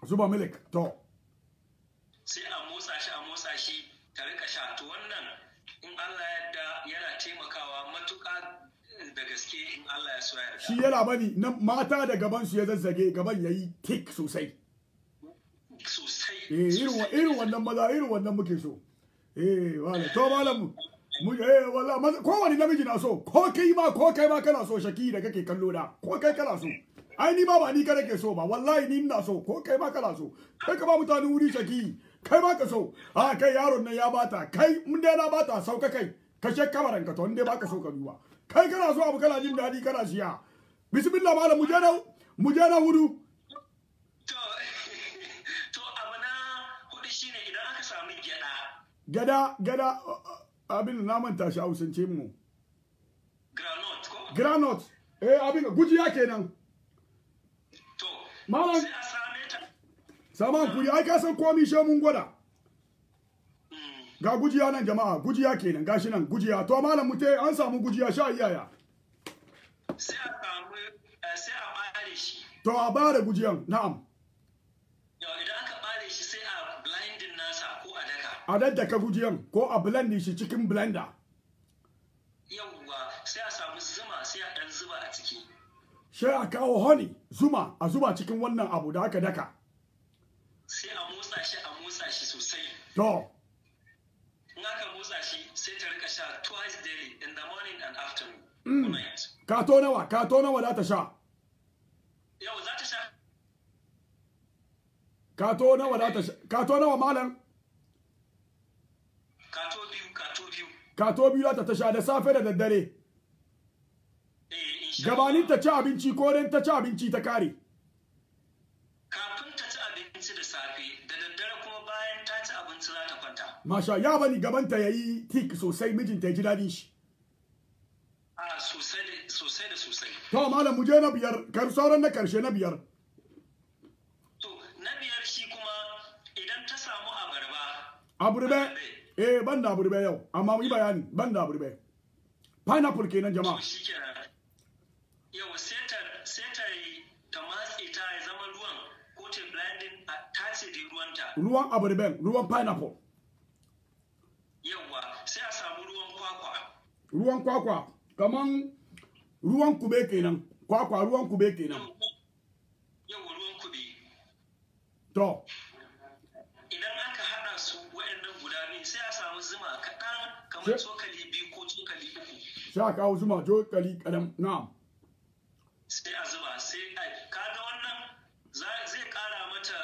ko bakwai to sai a motsa shi a motsa shi ta rika sha to wannan in Allah yadda yana taimakawa matuƙa da gaske in shi yana bari na mata da gaban su ya zazzage gaban ya yi tik sosai eh, irin wannan maza irin wannan muke so eh wala to malam mu eh wala ko wani namiji na so ko kai ma ko kai ma kana so shaki da kake kallo da ko kai kana so ai ni ma ba ni kada ke so ba wallahi ni ina so ko kai ma kana so kai ka ba mutane wuri shaki kai ma ka so a ah, kai yaron nan ya bata kai mun dai na bata sauka kai kashe kamaran ka to in ba ka so ka duba kai kana so abu kana jin daɗi kana siya bismillah malam mu je na mu je na hudu [LAUGHS] to abu na hudu shine idan aka samu gyada gyada gyada abin na manta shi hausance mu granot ko granot eh abin gujiya kenan to malam saman ku ya ka san komai shi mun gwada ga gujiya nan jama'a gujiya kenan gashi nan gujiya to malam mu an samu gujiya sha iyaya sai a samu eh, sai a bare shi to a bare gujiyan na'am yau idan aka bare shi sai a blinding nasa ko a daka a daddaka gujiyan ko a blend shi cikin blender yawwa sai a samu zuma sai a dan zuba a ciki sai a kawo honey zuma a zuba cikin wannan abu da aka daka sai a motsa shi a motsa shi sosai to Mm. kato nawa kato nawa za ta sha yau za ta sha kato nawa za ta sha kato nawa malam kato biyu kato biyu kato biyu za ta sha da safe da daddare eh, gabanin ta ci abinci ko ren ta ci abinci ta kare kafin ta ci abinci da safe da daddare kuma bayan ta ci abinci za ta kwanta masha ya bani gabanta yayi tik sosai mijinta ya ji dadin shi sosai da sosai to malam mu je na biyar kar sauran na karshe na biyar to na biyar shi kuma idan ta samu abarba Aburbe, eh ban da aburbe yau amma mu yi bayani ban da aburbe. pineapple kenan jama'a yawa sai ta sai ta yi ta matse ta ya zama ruwan ko ta blending a tace da ruwanta ruwan abarba ruwan pineapple yawa sai a samu ruwan kwakwa ruwan kwakwa kaman ruwan kube kenan kwakwa ruwan kube kenan yawa ruwan kube to idan aka hada su waɗannan guda biyu sai a samu zuma kaɗan kamar cokali biyu ko cokali uku sai a kawo zuma cokali kaɗan na sai a zuba sai a kaga wannan zai ƙara mata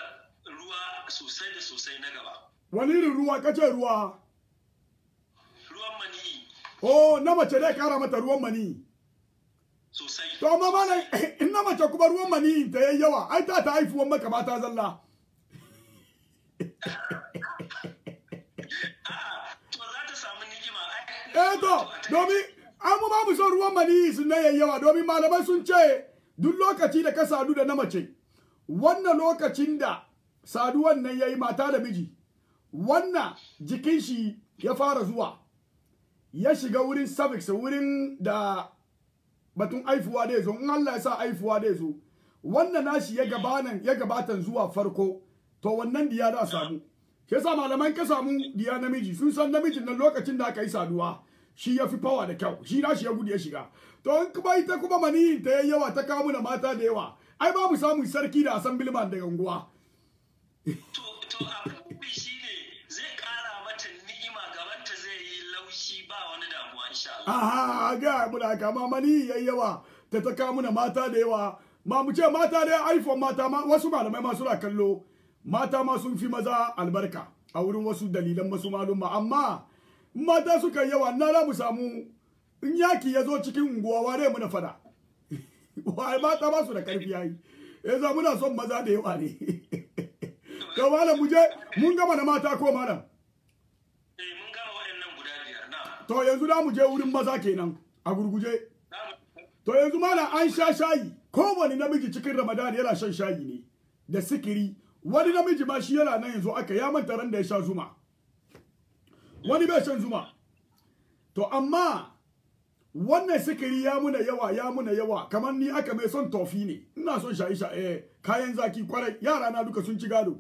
ruwa sosai da sosai na gaba wani irin ruwa kace ruwa ruwan mani oh na mace dai ƙara mata ruwan mani to amma nan [COUGHS] in na mace kuma ruwan mani ta yayyawa, yawa ai ta ta haifuwan maka mata zalla [LAUGHS] eh to domin an mu son ruwan maniyi sun na yawa domin malamai sun ce duk lokaci da ka sadu da na mace wannan lokacin da saduwan nan yayi mata da miji wannan jikin shi ya fara zuwa ya shiga wurin cervix wurin da batun aifuwa da zo in Allah ya sa aifuwa da zo wannan nashi ya gabanan ya gabatan zuwa farko to wannan diya da samu shi yasa malaman ka samu diya namiji sun san namijin nan lokacin da aka yi saduwa shi ya fi fawa da kyau shi nashi ya gudu ya shiga to in kuma ita kuma maniyin ta yawa ta kamu da mata da yawa ai babu samun sarki da asan bilman daga unguwa to to aha ga muna kama mani yayi yawa ta ta kawo muna mata da yawa ma mu ce mata da iphone mata ma wasu malamai ma suna kallo mata ma sun fi maza albarka a wurin wasu dalilan masu malumma amma mata suka yawa na za mu samu in yaki ya zo cikin unguwa ware mu na fada [LAUGHS] mata ba su da karfi yayi za muna son maza da yawa ne [LAUGHS] to malam mu je mun gama na mata ko malam to yanzu da mu je wurin maza kenan a gurguje to yanzu mana an sha shayi kowane namiji cikin ramadan yana shan shayi ne da sikiri wani namiji ba shi yana nan yanzu aka ya manta ran da ya sha zuma wani bai shan zuma to amma wannan sikiri ya muna yawa ya muna yawa kamar ni aka mai son tofi ne ina son shayi shaye eh, kayan zaki kwarai yara na duka sun ci gado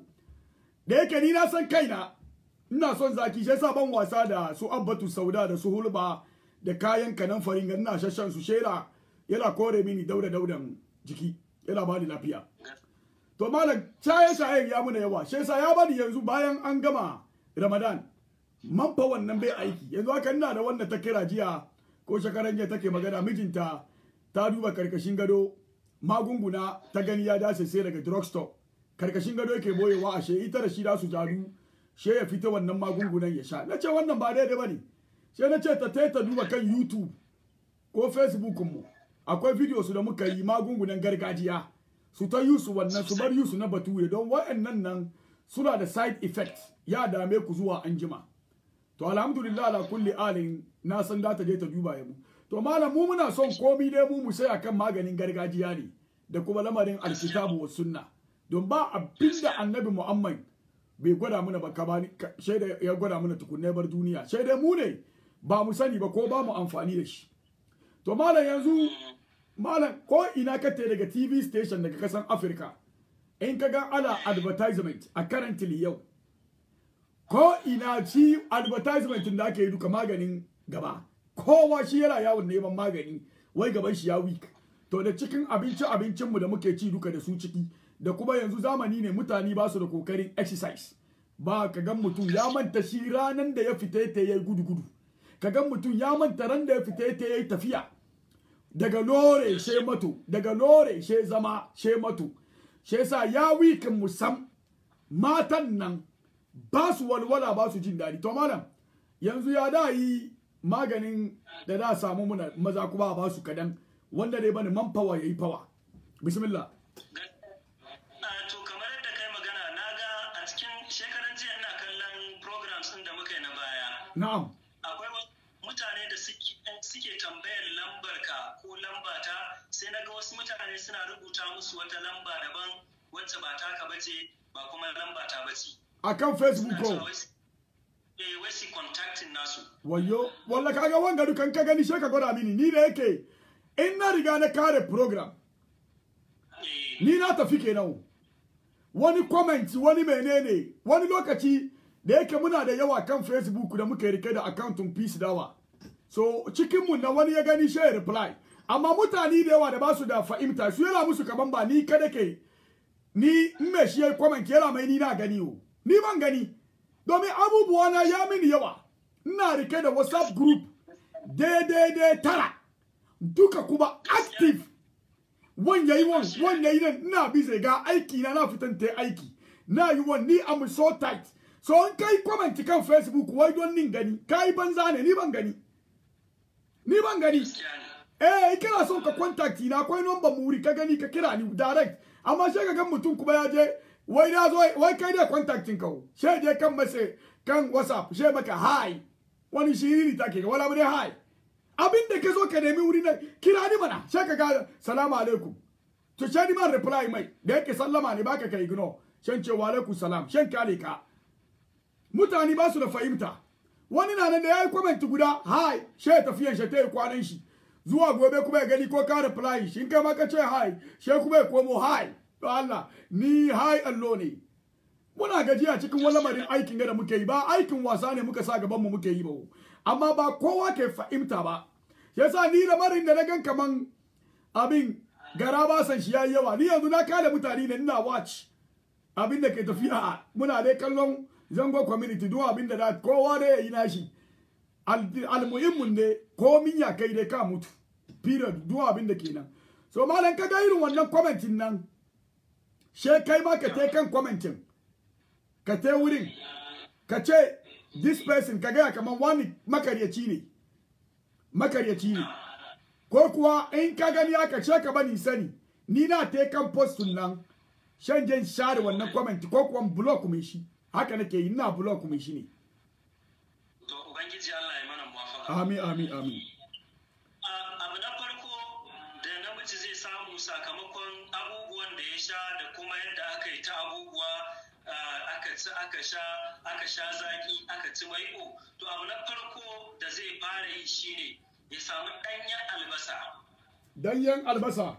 da yake ni na san kaina ina son zaki shi yasa ban wasa da su abbatu sauda da su hulba da kayan kanan faringa ina shashan su shera yana kore mini dauda daudan jiki yana bani lafiya to malam shaye shaye ya muna yawa shi yasa ya bani yanzu bayan an gama ramadan man fa wannan bai aiki yanzu haka ina da wanda ta kira jiya ko shekaran jiya take magana mijinta ta duba karkashin gado magunguna ta gani ya dace sai daga drugstore karkashin gado yake boyewa ashe ita da shi da su jaru she ya fita wannan magungunan ya sha na ce wannan ba daidai ba ne she na ce ta ta duba kan youtube ko facebook mu akwai video su da muka yi magungunan gargajiya su ta yi su wannan su bar yusu na bature don wa'annan nan suna da side effect ya dame ku zuwa anjima to alhamdulillah ala kulli alin na san da ta je ta duba mu to malam mu muna son komi dai mu mu sai akan maganin gargajiya ne da kuma lamarin alkitabu wa sunna don ba abinda annabi muhammad bai gwada mana ba shaida ya gwada mana tukunne bar duniya shaida mu ne ba mu sani ba ko ba mu amfani da shi to malam yanzu malam ko ina ka daga tv station daga kasan afirka in ka ga ala advertisement a currently yau ko ina ci advertisement da ake yi duka maganin gaba kowa shi yana yawon neman magani wai gaban shi ya weak to da cikin abinci abincinmu da muke ci duka da su ciki da kuma yanzu zamani ne mutane ba su da kokarin exercise ba ka gan mutum ya manta shi ranan da ya fita ta yayi gudu gudu ka gan mutum ya manta ran da ya fita ta yi tafiya daga lore she mato daga lore she zama she mato she sa ya wikin musam matan nan ba su walwala ba su jin daɗi to malam yanzu ya da yi maganin da za samu muna maza kuma ba su kadan wanda dai bane man fawa yayi fawa bismillah na'am akwai mutane da suke tambayar lambar ka ko lamba ta sai na ga wasu mutane suna rubuta musu wata lamba daban wacce ba taka bace ba kuma lamba ta bace kan facebook ko eh wasu contacting nasu wayo kaga wanga dukan ka gani sai ka gwada mini ni da yake in na riga na kare program eh. ni na tafi kenan wani comment wani menene wani lokaci da yake muna da yawa kan facebook da muka rike da akantun peace dawa so cikinmu na wani ya gani share reply amma mutane da yawa da basu su da fahimta su yana musu kaman ba ni kada ke ni in me shi ya comment yana mai ni na gani o ni ban gani domin abubuwa na ya mini yawa ina rike da whatsapp group daidai tara duka kuma active wanda yi wan wanda yi nan ina bi ga aiki na na fitan ta aiki na yi wan ni am so tight so in kai comment kan facebook wai don nin gani kai banza ne ni ban gani ni ban gani eh kana son ka contact ina akwai number mu wuri ka gani ka kira ni direct amma sai ka ga mutum kuma ya je wai na zo wai kai da contactin ka sai je kan mase kan whatsapp sai maka hi wani shiriri take ga wala bane hi abin da ka zo ka nemi wuri na kira ni mana sai ka ga salamu alaikum to sai ni ma reply mai da yake sallama ne baka ka ignore shan ce wa alaikum salam shan kare ka mutane ba su da fahimta wani na nan da ya yi comment guda hi she tafiyan she ta yi kwanan shi zuwa gobe kuma ya gani ko ka reply shi in kai ma ka ce hi she kuma ya komo hi to Allah ni hi allo ne muna gajiya cikin wani lamarin aikin da muke yi ba aikin wasa ne muka sa gaban mu muke yi ba amma ba kowa ke fahimta ba yasa ni da marin da na gan kaman abin gara ba san shi yayi yawa ni yanzu na kada mutane ne ina watch abin da ke tafiya muna dai kallon zango community duwa abin da kowa da ya yi nashi almuhimmin ne komin ya kai dai ka mutu period duwa abin da nan so malam ka ga irin wannan commentin nan she kai ma ka te kan commentin ka te wurin ka ce this person ka gaya kamar wani makaryaci ne makaryaci ne ko kuwa in ka gani aka ce ka bani sani ni na te kan postun nan shan jen share wannan comment ko kuwa block mai shi haka nake ina blog mai shi ne to ubangiji Allah ya mana muwafaka amin amin amin na farko zai samu sakamakon abubuwan da ya sha da kuma yadda aka ta abubuwa aka ci aka sha to abu na farko danyen albasa danyen albasa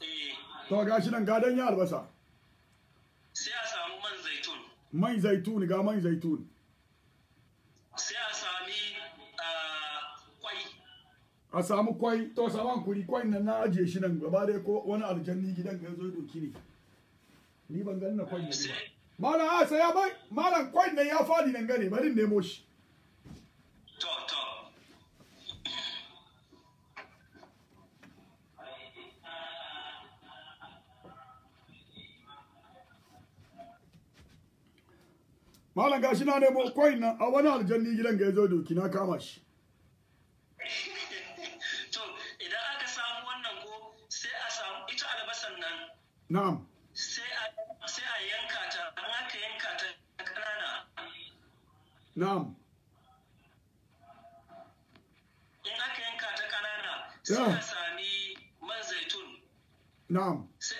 eh. to gashi nan ga danyen albasa man zaituni ga man zaituni sai a sami kwai a samu kwai to saman kuri kwai nan na ajiye shi nan gaba dai ko wani aljanni gidan ga zo doki ne ni ban ganin na kwai ne ba malam a sai ya bai malam kwai ne ya fadi nan gane bari nemo shi malam gashi na nemo coin nan a wani aljanni gidan ga ya zo doki na kama shi [LAUGHS] to idan aka samu wannan ko sai a samu ita albasan nan na'am sai a sai a yanka ta an aka yanka ta kanana na'am in aka yanka ta kanana sai a sami man zaitun na'am sai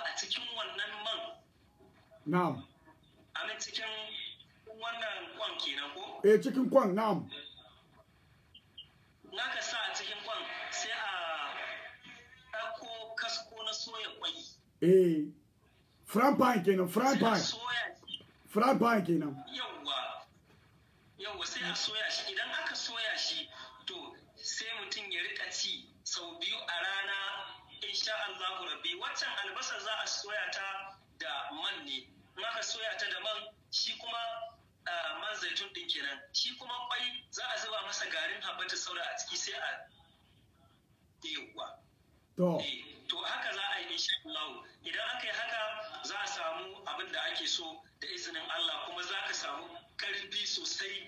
na'am amin cikin wannan kwan kenan ko eh cikin kwan na'am na ka sa a cikin kwan sai a ɗauko kasko na soya kwai eh frying pan kenan frying pan frying pan kenan yawwa yawwa sai a soya shi idan aka soya shi to sai mutum ya rika ci sau biyu a rana insha Allah rabbi waccan albasa za a soya ta da man ne maka soya ta da man shi kuma man zaitun din kenan shi kuma kwai za a zuba masa garin ta saura a ciki sai a yawwa eh, to haka za a yi insha Allah idan aka yi haka za a samu abin da ake so da izinin Allah kuma za ka samu karfi sosai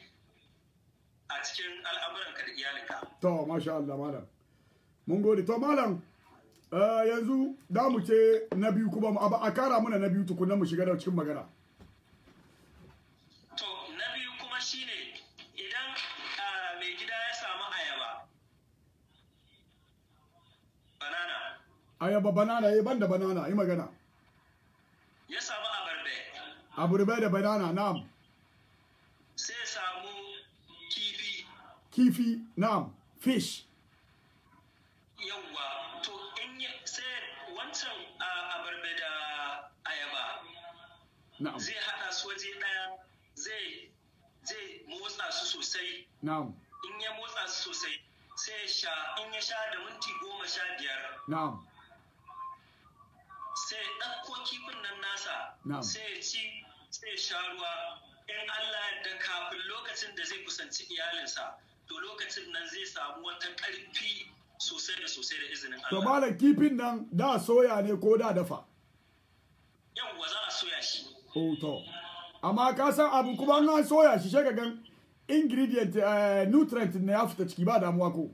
a cikin al'amuranka da iyalinka to masha Allah malam mun gode to malam Eh, yanzu da mu ce na biyu kuma mu a kara mana na biyu tukunan mu shiga da cikin magana to na biyu kuma idan eh, mai gida ya samu ayaba banana ayaba banana eh banana yi magana ya samu abarbe abarbe da banana na'am sai samu kifi kifi na'am fish zai haɗa su waje ɗaya zai zai motsa su sosai in ya motsa su sosai sai ya sha in ya sha da minti goma sha biyar sai ɗauko kifin nan nasa sai ya ci sai ya sha ruwa in Allah da kafin lokacin da zai kusanci iyalinsa to lokacin nan zai samu wata ƙarfi sosai da sosai da izinin Allah. To malam kifin nan da soya ne ko da dafa? wa za a soya shi. oh to amma ka san abu kuma an soya shi shaka gan ingredient uh, nutrient ne ya fita ciki ba damuwa ko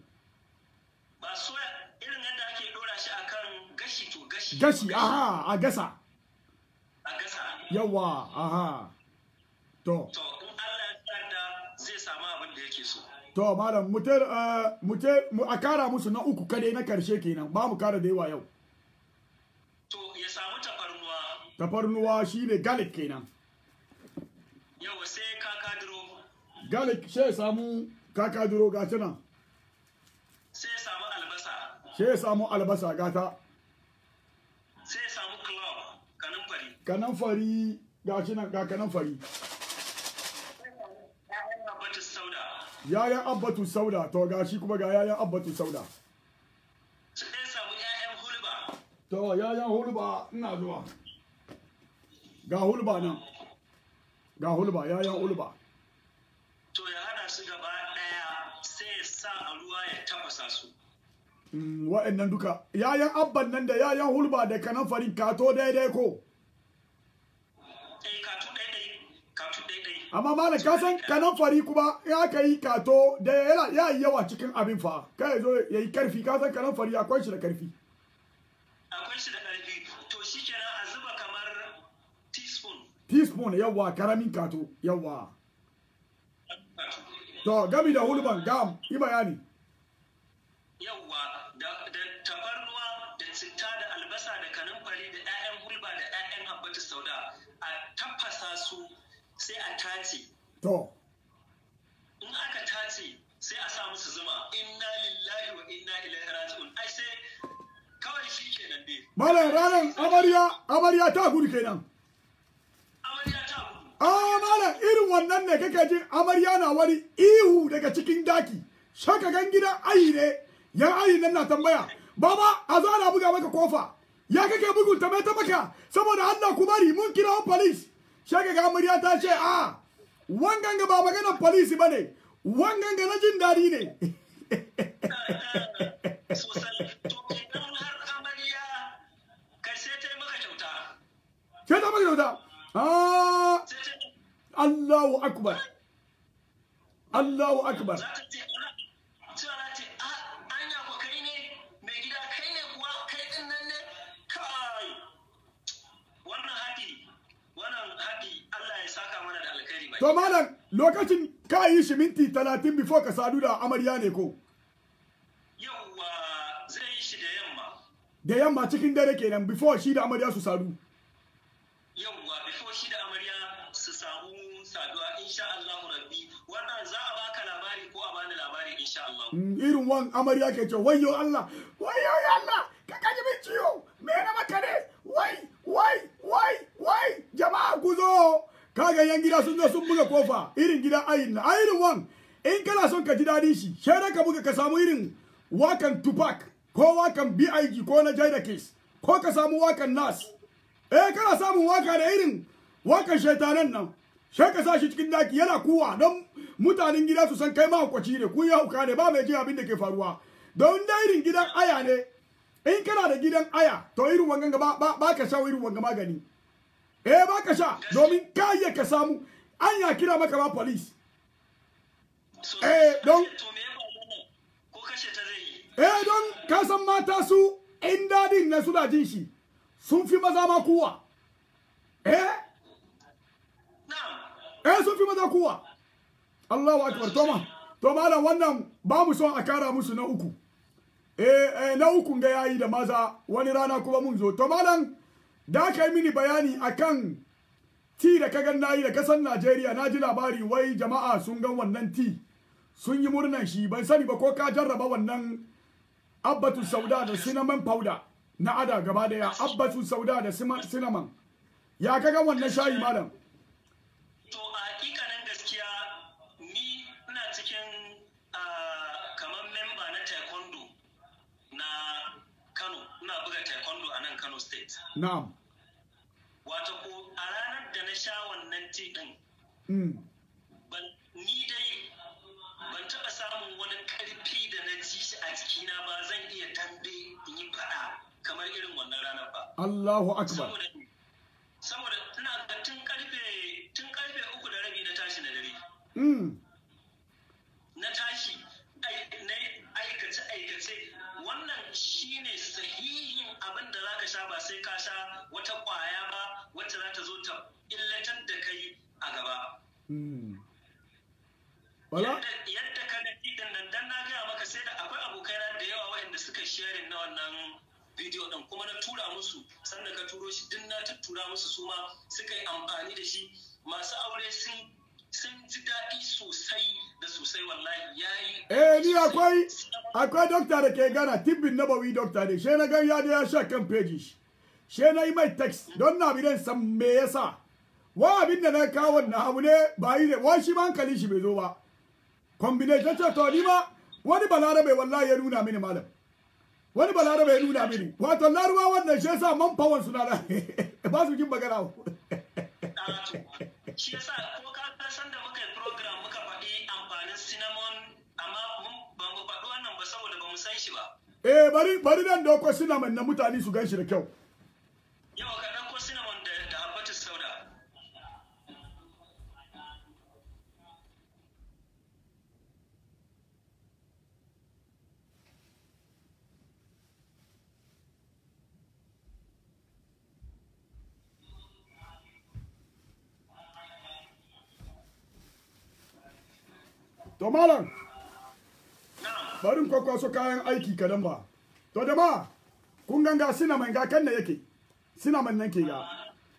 ba soya irin yadda ake dora shi akan gashi to gashi gashi aha a gasa a gasa yawa aha to to in Allah ya da zai samu abin da yake so to malam mutar uh, eh, mutar a kara musu na uku kade na karshe kenan ba mu kara da yawa yau tafarnuwa shine garlic kenan yau sai kakaduro garlic sai samu kakaduro ga nan sai samu albasa sai samu albasa gata sai samu clove kanan fari kanan fari ga shi nan ga kanan fari yayan abbatu sauda to ga shi kuma ga yayan abbatu sauda sai samu yayan hulba to yayan hulba ina zuwa ga hulba nan ga hulba yayan hulba to ya hada su gaba daya sai ya sa a ruwa ya tafasa su mm, wa'annan duka yayan abban nan da yayan hulba da kanan farin kato daidai ko eh, amma malam ka san kanan fari kuma ya ka yi kato da ya yi yawa cikin abin fa kai zo ya yi karfi ka san kanan fari akwai shi da karfi teaspoon yawa karamin kato yawa to gami da hulban gam yi bayani yawa da tabarnuwa da citta da albasa da kanunfari da 'ya'yan hulba da 'ya'yan habbatu sauda a tafasa su sai a tace to in aka tace sai a sa musu zuma inna lillahi wa inna ilaihi raji'un ai sai kawai shi kenan dai malam ranar amarya amarya ta gudu kenan ah irin wannan ne kake jin amarya na wani ihu daga cikin daki shaka gan gidan ayi ne yan ayi nan na tambaya baba a zo ana buga maka kofa ya kake bugun ta mai ta maka saboda Allah ku bari mun kira police shaka ga amarya ta ce a wangan ga ba maganar police bane wangan ga na jin dadi ne [LAUGHS] Sai Ah, Allahu akbar Allahu akbar To malam lokacin ka yi shi minti talatin before ka sadu da amarya ne ko? Yawwa zai yi shi da yamma. Da yamma cikin dare kenan before shi da amarya su sadu. yawwa before shi da amarya su samu saduwa insha Allah rabbi wannan za a baka labari ko a bani labari insha Allah mm, irin wan amarya ke ce wayyo Allah wayyo Allah ka kaji min ciwo me na maka ne wai wai wai wai jama'a guzo kaga yan gida sun zo sun buga kofa irin gida ayin na irin wan in kana son ka ji dadin shi sai ka buga ka samu irin wakan Tupac ko wakan BIG ko na Jada Case ko ka samu wakan Nas eh kana samun waka da irin wakan shaitanan nan sai ka sa shi cikin daki yana kuwa don mutanen gida su san kai ma kwaci ne ku ya hauka ne ba mai jin abin da ke faruwa don da irin gidan aya ne in kana da gidan aya to irin wangan ba ba ka sha irin wangan magani eh ba ka sha domin ka ka samu an ya kira maka ba police eh don eh don ka san mata su in dadin na suna jin shi sun fi maza ma kuwa eh eh sun fi maza kowa Allahu akbar toma to malam wannan ba mu son a kara musu na uku eh, eh na uku ga yayi da maza wani rana kuma mun zo to malam da kai mini bayani akan ti da ka kagan nayi da kasan Najeriya na ji labari wai jama'a sun ga wannan ti sun yi murnan shi ban sani ba ko ka jarraba wannan abbatu sauda da cinnamon powder na ada gaba daya Abbasu sauda da sinaman ya kaga wannan shayi malam to a gaskiya ni cikin kamar memba na na kano ina buga a nan kano state na'am wato ko a ranar da na sha wannan ce din mm. ni dai ban taɓa samun wani ƙarfi da na ji shi a jikina ba zan iya tambaye kamar irin wannan ranar ba Allahu akbar saboda ina ga tun karfe tun karfe uku da rabi na tashi na dare hmm. na tashi na aikace aikace wannan shine sahihin abin da zaka sha ba sai ka sha wata kwaya ba wacce za ta zo ta illatar da kai a gaba hmm. yadda ka da nan dan na gaya maka sai da akwai abokaina da yawa waɗanda suka sharing na wannan bidiyo din kuma na tura musu sanda ka turo shi duk na tura musu su ma suka yi amfani da shi masu aure sun sun ji daɗi sosai da sosai wallahi yayi. eh ni akwai akwai dokta da ke gana tibbin nabawi dokta ne shi na gan ya da ya sha kan page shi she na yi mai text don na bi san me yasa wa abin da na kawo na abu ne ba yi ne wa shi ma hankali shi bai zo ba combination ce to ni ma wani balarabe wallahi ya nuna mini malam wani balarabe ya nuna mini wato laruwa wannan shi yasa man fawon suna da [LAUGHS] ba su jin magana shi yasa ko ka san da muka yi program muka faɗi amfanin cinnamon amma ba mu faɗi wannan ba saboda ba mu san shi ba eh bari bari nan da cinnamon na mutane su gan shi da kyau yau to malam barin su kayan aiki kadan ba to jama'a kun ganga sinaman ga kan da yake sinaman nan ke ga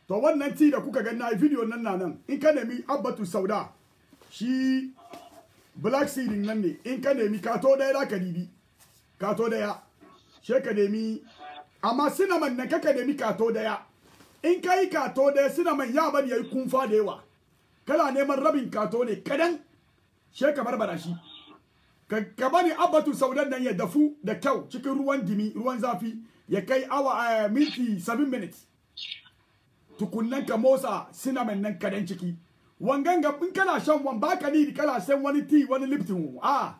to wannan ti da kuka ga na video nan na nan in ka nemi abbatu sauda shi black seed nan ne in ka nemi kato daya da ka dibi kato daya she ka nemi amma sinaman nan ka nemi kato daya in ka yi kato daya sinaman ya bari ya yi kunfa da yawa kana neman rabin kato ne kadan she ka barbara shi ka bani abatu saudan nan ya dafu da kyau cikin ruwan dimi ruwan zafi ya kai awa eh, minti 7 minutes tukunnan ka motsa cinnamon nan kadan ciki wangan ga in kana shan wan baka ni kana san wani tea wani lipton a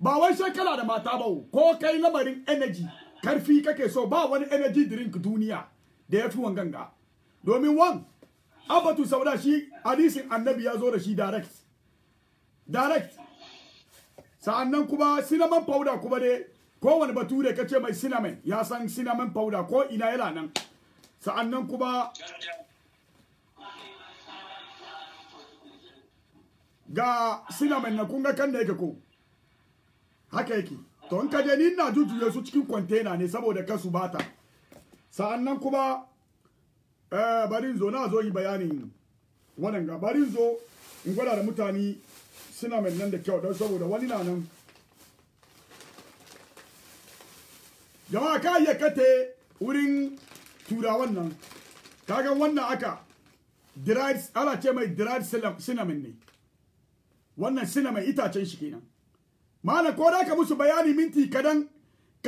ba wai sai da mata ba ko kai lamarin energy karfi kake so ba wani energy drink duniya da ya fi wangan ga domin wan abatu sauda shi hadisin annabi ya zo da shi direct direct sa'annan kuma cinnamon powder kuma dai kowane batu da kace mai cinnamon ya san cinnamon powder ko ina yana nan sa'annan kuma ga cinnamon na kunga kan da yake ko haka yake to in ka je ni ina jujjuye su cikin container ne saboda kasu bata sa'annan kuma eh bari zo na zo yi bayanin wannan ga bari zo in gwada da mutane cinnamon nan da kyau don saboda wani na nan jama'a ka iya kate wurin turawan nan kaga wannan aka ala ce mai dried cinnamon ne wannan cinnamon itacen shi kenan mana ko da ka musu bayani minti kadan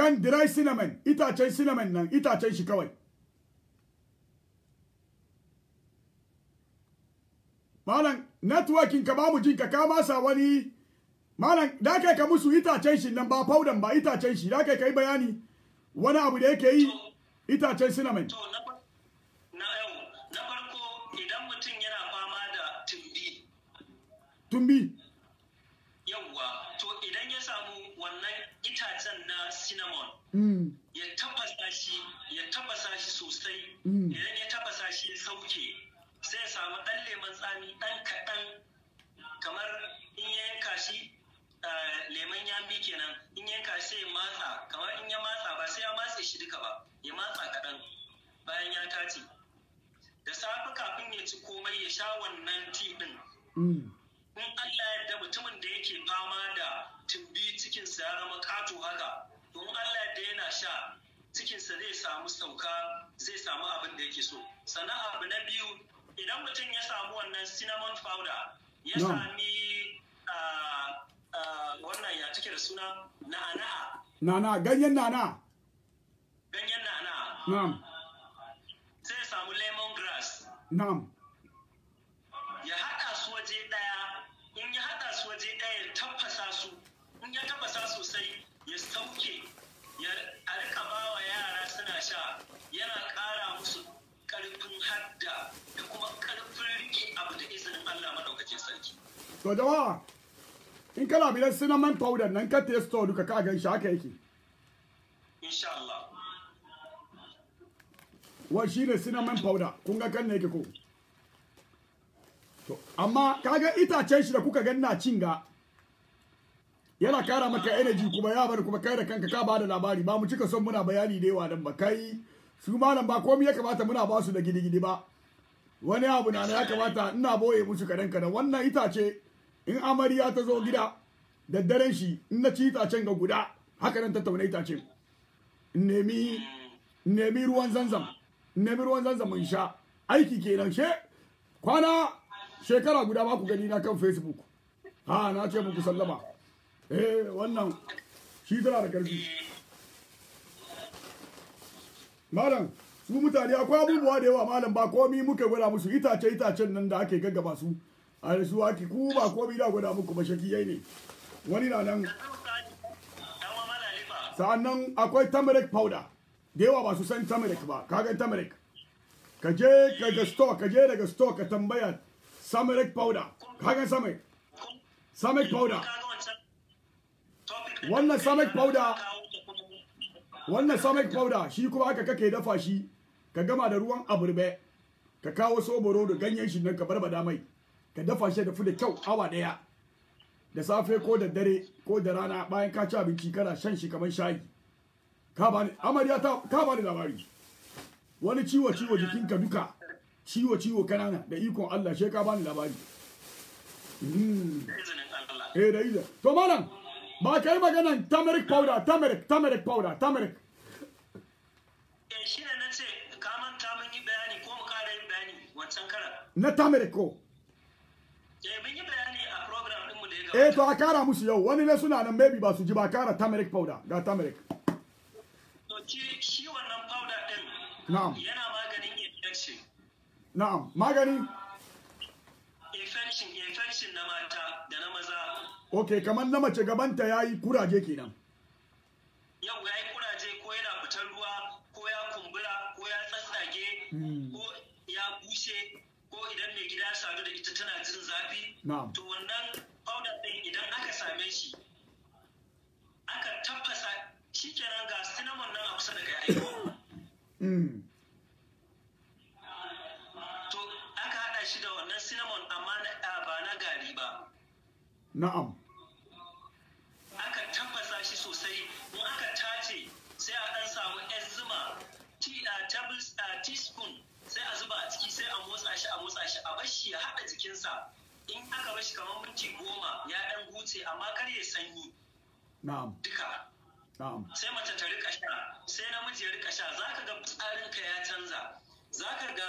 kan dried cinnamon itacen cinnamon nan itacen shi kawai malam networking ka bamu jin ka kama sa wani malam da kai ka musu itacen shi nan ba powder ba itacen shi da kai kai bayani wani abu da yake yi itacen cinnamon na farko idan mutum yana fama da tumbi yawwa to idan ya samu wannan itacen na cinnamon hmm. ya tafasa shi ya tafasa shi sosai hmm. idan ya tafasa shi ya sauke sai samu ɗan lemun tsami ɗan kaɗan kamar in ya yanka shi ya bi kenan in yanka sai matsa kamar in ya matsa ba sai ya matse shi duka ba ya matsa kaɗan bayan ya tace da safe kafin ya ci komai ya sha wannan ti ɗin mm. in Allah ya da mutumin da yake fama da tumbi cikinsa ya zama kato haka don Allah da yana sha cikinsa zai samu sauka zai samu abin da yake so Sana'a abu na biyu idan mutum ya samu wannan cinnamon powder ya sami ah, ah, wannan ya cike da suna na'ana'a na'ana ganyen na'ana ganyen na'ana na'am sai ya samu lemon grass na'am to jama'a in kana bidan cinnamon powder nan ka taste to duka ka gan shi haka yake insha Allah shine cinnamon powder kun ga kan ne yake ko to amma kaga itacen shi da kuka gan na cin ga yana kara maka energy kuma ya bar kuma kai da kanka ka bada labari ba mu cika son muna bayani da yawa dan ba kai su malam ba komai ya kamata muna ba su da gidi ba wani abu na ya kamata ina boye musu kadan kadan wannan itace in amarya ta zo gida da daren shi in na ci itacen ga guda haka nan tattauna itacen nemi nemi ruwan zanzam nemi ruwan zanzam in sha aiki kenan she kwana shekara guda ba ku gani na kan facebook ha na ce muku sallama eh wannan shi tana da karfi malam su mutane akwai abubuwa da yawa malam ba komi muka gwada musu itace itacen nan da ake gaggaba su ki ku ba bi da gwada muku ba shakiyai ne wani na nan sa'annan akwai turmeric powder da yawa ba su san turmeric ba kaga turmeric ka je daga store ka je daga store ka tambaya turmeric powder kaga turmeric turmeric powder wannan turmeric powder wannan turmeric powder shi kuma haka kake dafa shi ka gama da ruwan aburbe ka kawo soboro da ganyen shi nan ka barbada mai ka dafa shi da fi da kyau awa daya da safe ko da dare ko da rana bayan ka ci abinci kana shan shi kamar shayi ka bani amarya ta ka bani labari wani ciwo ciwo jikinka duka ciwo ciwo kanana da ikon Allah she ka bani labari hmm. eh da ida to malam ba kai maganan turmeric powder turmeric turmeric powder turmeric eh, na tamere ko eh to a kara musu yau wani ne suna nan maybe ba su ji ba kara turmeric powder ga turmeric to shi wannan powder din na'am yana maganin infection na'am magani infection infection na mata da na maza okay kamar na mace gabanta yayi kuraje kenan yau yayi kuraje ko yana fitar ruwa ko ya kumbura ko ya tsatsage hmm. ko ya bushe ko idan mai gida sadu da ita tana jin zafi to Mm. to aka haɗa shi da wannan cinnamon amma ba na gari ba na'am aka tabbasa shi sosai mu aka tace sai a ɗan samu yan zuma teaspoon sai a zuba a ciki sai a motsa shi a motsa shi a bar ya haɗa jikinsa in aka bar kamar minti goma ya ɗan huce amma kar ya sanyi na'am duka sai mace ta rika sha sai namiji ya rika sha zaka ga tsarinka ya canza zaka ga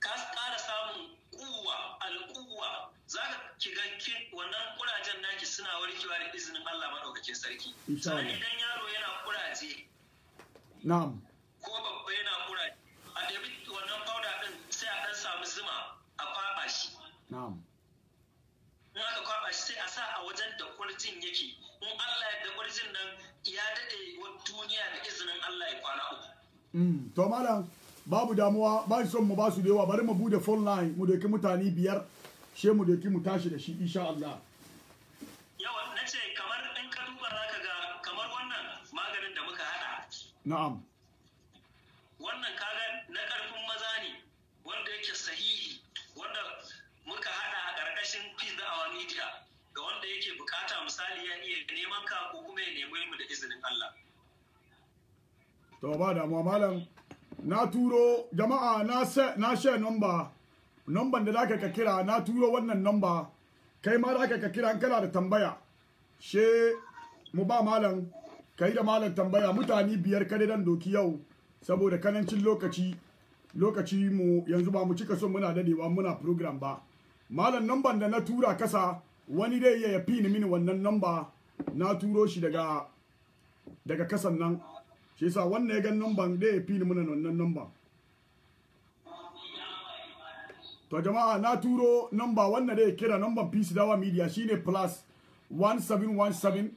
ka ƙara samun kuwa alkuwa zaka ki ga wannan kurajen naki suna warkewa da izinin Allah madaukakin sarki sai idan yaro yana kuraje na'am ko babba yana kuraje a ɗabi wannan powder din sai a ɗan samu zuma a kwaɓa shi na'am in aka kwaɓa shi sai a sa a wajen da kurjin yake ko Allah ya dabarjin nan ya dade duniya da izinin Allah ya kwana uku mm, to malam babu damuwa ba son mu ba su da yawa bari mu bude phone line mu doki mutane biyar she mu doki mu tashi da shi insha Allah yawa nace kamar in ka duba zaka ga kamar wannan maganin da muka haɗa. na'am wannan kaga na karfin maza ne wanda yake sahihi wanda muka haɗa a ƙarƙashin Peace Our Media wanda yake bukata misali ya iya neman ka ko kuma ya nemi mu da izinin Allah to ba da mu malam na turo jama'a na se na share number number da zaka ka kira na turo wannan number kai ma zaka ka kira kana da tambaya she mu ba malam kai da malam tambaya mutane biyar kare dan doki yau saboda kanancin lokaci lokaci mu yanzu ba mu cika son muna dadewa muna program ba malam number da na tura kasa wani dai ya ya pin mini wannan namba na turo shi daga daga kasan nan shi yasa wannan ya ga namban dai ya pin mini wannan namba to jama'a na turo namba wannan dai ya kira namban PC dawa media shine plus 1717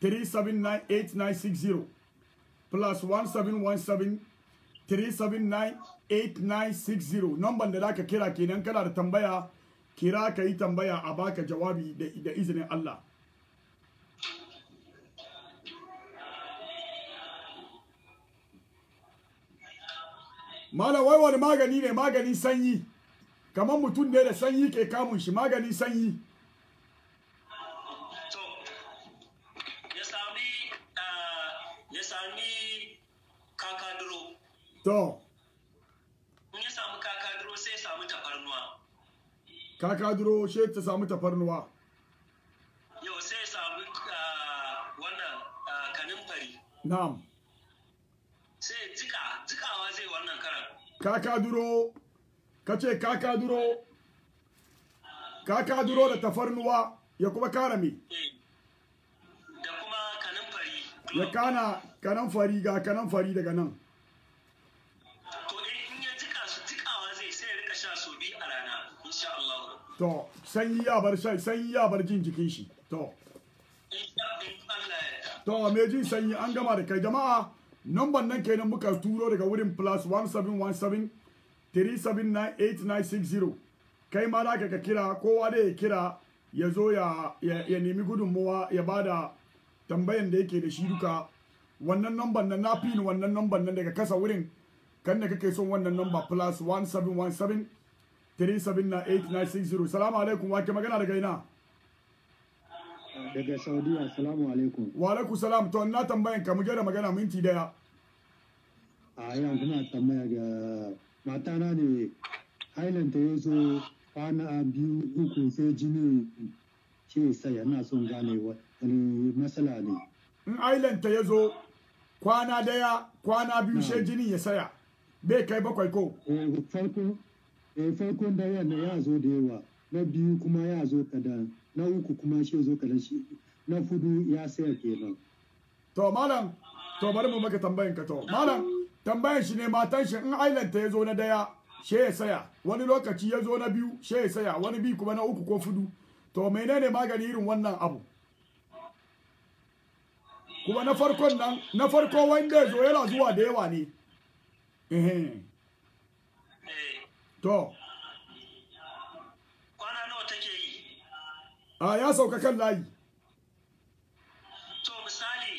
3798 plus 1717 3798 number da zaka kira kenan kana da tambaya kira ka yi tambaya a baka jawabi da izinin Allah malam wai wani magani ne maganin sanyi kamar mutum ne da sanyi ke kamun shi maganin sanyi ya sami ah, To. ka kaduro she ta samu tafarnuwa yau sai samu ah, wannan ah, kanin fari na'am sai jika jikawa zai wannan karan ka kaduro ka ce ka kaduro ka kaduro da tafarnuwa ya kuma kara me eh, da kuma kanin fari ya kana kanan fari ga kanan fari daga nan to sanyi ya bar shan sanyi ya bar jin jikin shi to to me jin sanyi an gama da kai jama'a number nan kenan muka turo daga wurin plus 1717 3798960 kai ma da ka kira kowa da ya kira ya zo ya nemi gudunmuwa ya bada tambayan da yake da shi duka wannan number nan na fi wannan number nan daga kasa wurin kan da kake son wannan number plus 1717 3798960 salamu alaikum ke magana daga ina daga saudiya salamu alaikum wa alaikum salam to na tambayan ka mu da magana minti daya a an kuna tambaya ga na ne hailanta ta ya zo kwana biyu uku sai jini ce sai yana son gane wani matsala ne in hailan ta ya zo kwana daya kwana biyu sai jini ya saya bai kai bakwai ko eh, eh farkon dare na ya zo da yawa na biyu kuma ya zo kadan na uku kuma shi zo kadan shi na hudu ya saya kenan to malam to bari mu maka tambayan ka to malam tambayan shi ne matan shi in island ta ya zo na daya she ya saya wani lokaci ya zo na biyu she ya saya wani bi kuma na uku ko fudu to menene magani irin wannan abu kuma na farkon nan na farko wanda ya zo yana zuwa da yawa ne to kwana nawa take yi a ya sauka kan layi to misali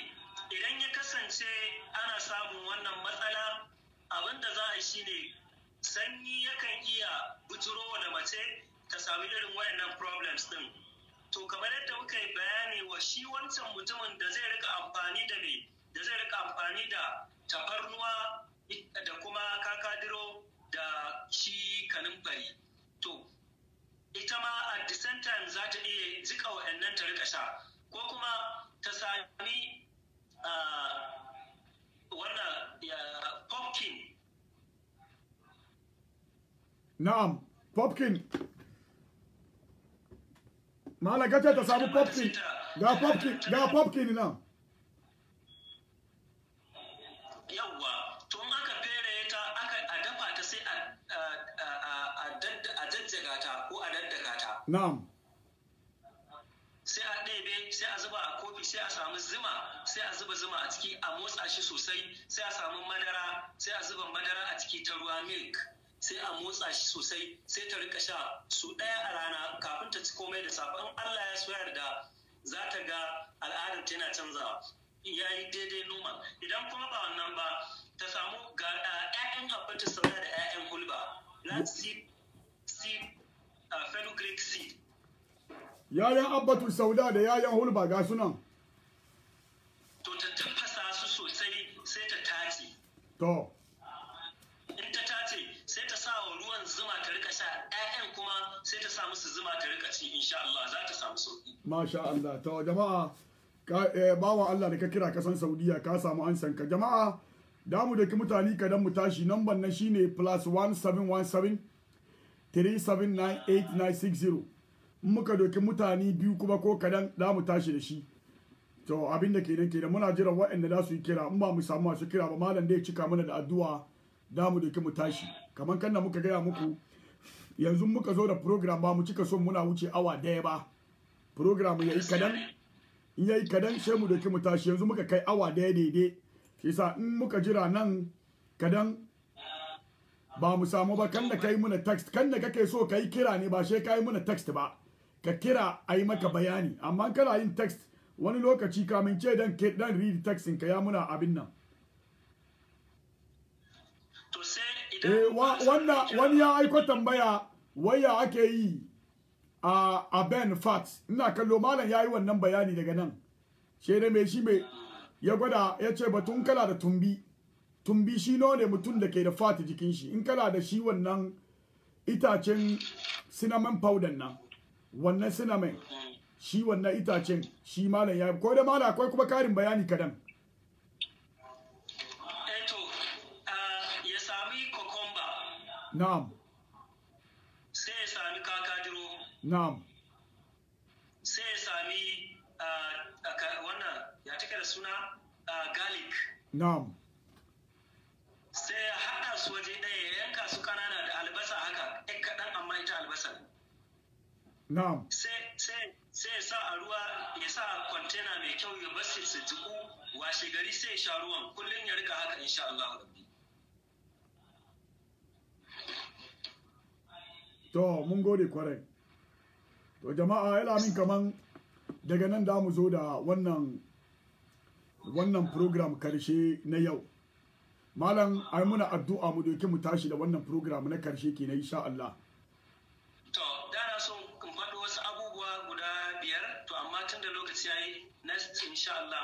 idan ya kasance ana samun wannan matsala abinda za a yi shine sanyi yakan iya wa da mace ta sami irin wayannan problems din to kamar yadda muka yi bayani wa shi wancan mutumin da zai rika amfani da me da zai rika amfani da tafarnuwa da kuma kakadiro da shi kanin bari to ita ma at the same time za ta iya jika wa'annan ta rika sha ko kuma ta sami wannan pumpkin na'am pumpkin malagata ta sami pumpkin ga pumpkin ga pumpkin na yawwa na'am sai a ɗebe sai a zuba a kofi sai a samu zuma sai a zuba zuma a ciki a motsa shi sosai sai a samu madara sai a zuba madara a ciki ta ruwa milk sai a motsa shi sosai sai ta rika sha su ɗaya a rana kafin ta ci komai da safe in Allah ya so yarda za ta ga al'adar ta yana canzawa ya yi daidai noma idan kuma ba wannan ba ta samu ga 'ya'yan ta sana da 'ya'yan hulba za fellow Greek seed. Yayan Abbatul Sauda da yayan Hulba ga sunan. To ta tafasa su sosai sai ta tace. To. In ta tace sai ta sa wa ruwan zuma ta rika sha ƴaƴan kuma sai ta sa musu zuma ta rika ci insha Allah za ta samu sauki. Masha Allah. To jama'a ka eh, bawan Allah da ka kira kasan Saudiya ka samu ansan ka jama'a damu da ki mutane kadan mu tashi namban na shine plus 1717 3798960 muka doki mutane biyu kuma ko kadan za mu tashi da shi to abin da kenan kenan muna jira waɗanda za su yi kira in ba mu samu masu kira ba malam da ya cika mana da addu'a da mu doki mu tashi kamar kanna muka gaya muku yanzu muka zo da program ba mu cika son muna wuce awa daya ba program ya yi kadan in ya yi kadan sai mu doki mu tashi yanzu muka kai awa daya daidai shi sa in muka jira nan kadan ba mu samu ba kan da kai muna text kan da kake so kai kira ne ba ka kai muna text ba ka kira a yi maka bayani amma kana yin text wani lokaci kamin ce dan ke dan read textin ka ya muna abin nan eh wanda wani ya aiko tambaya waya ake yi a a Ben Fat ina kallo malam yayi wannan bayani daga nan shi ne mai shi mai ya gwada ya ce batun kala da tumbi tumbi shi no ne mutum da ke da fata jikin shi in kana da shi wannan itacen cinnamon powder nan wannan cinnamon shi wannan itacen shi malam ya ko da malam akwai kuma karin bayani kadan eto eh ya sami cucumber na'am sai ya sami kakadiro na'am sai ya sami wannan ya cika da suna garlic na'am na'am sai sa a ruwa ya sa kwantena mai kyau ya bar su jiku washe gari sai sha ruwan kullum ya rika haka insha Allah rabbi to mun gode kwarai to jama'a yana min kaman daga nan da mu zo da wannan wannan program karshe na yau malam ai muna addu'a mu doki mu tashi da wannan program na karshe ke na insha Allah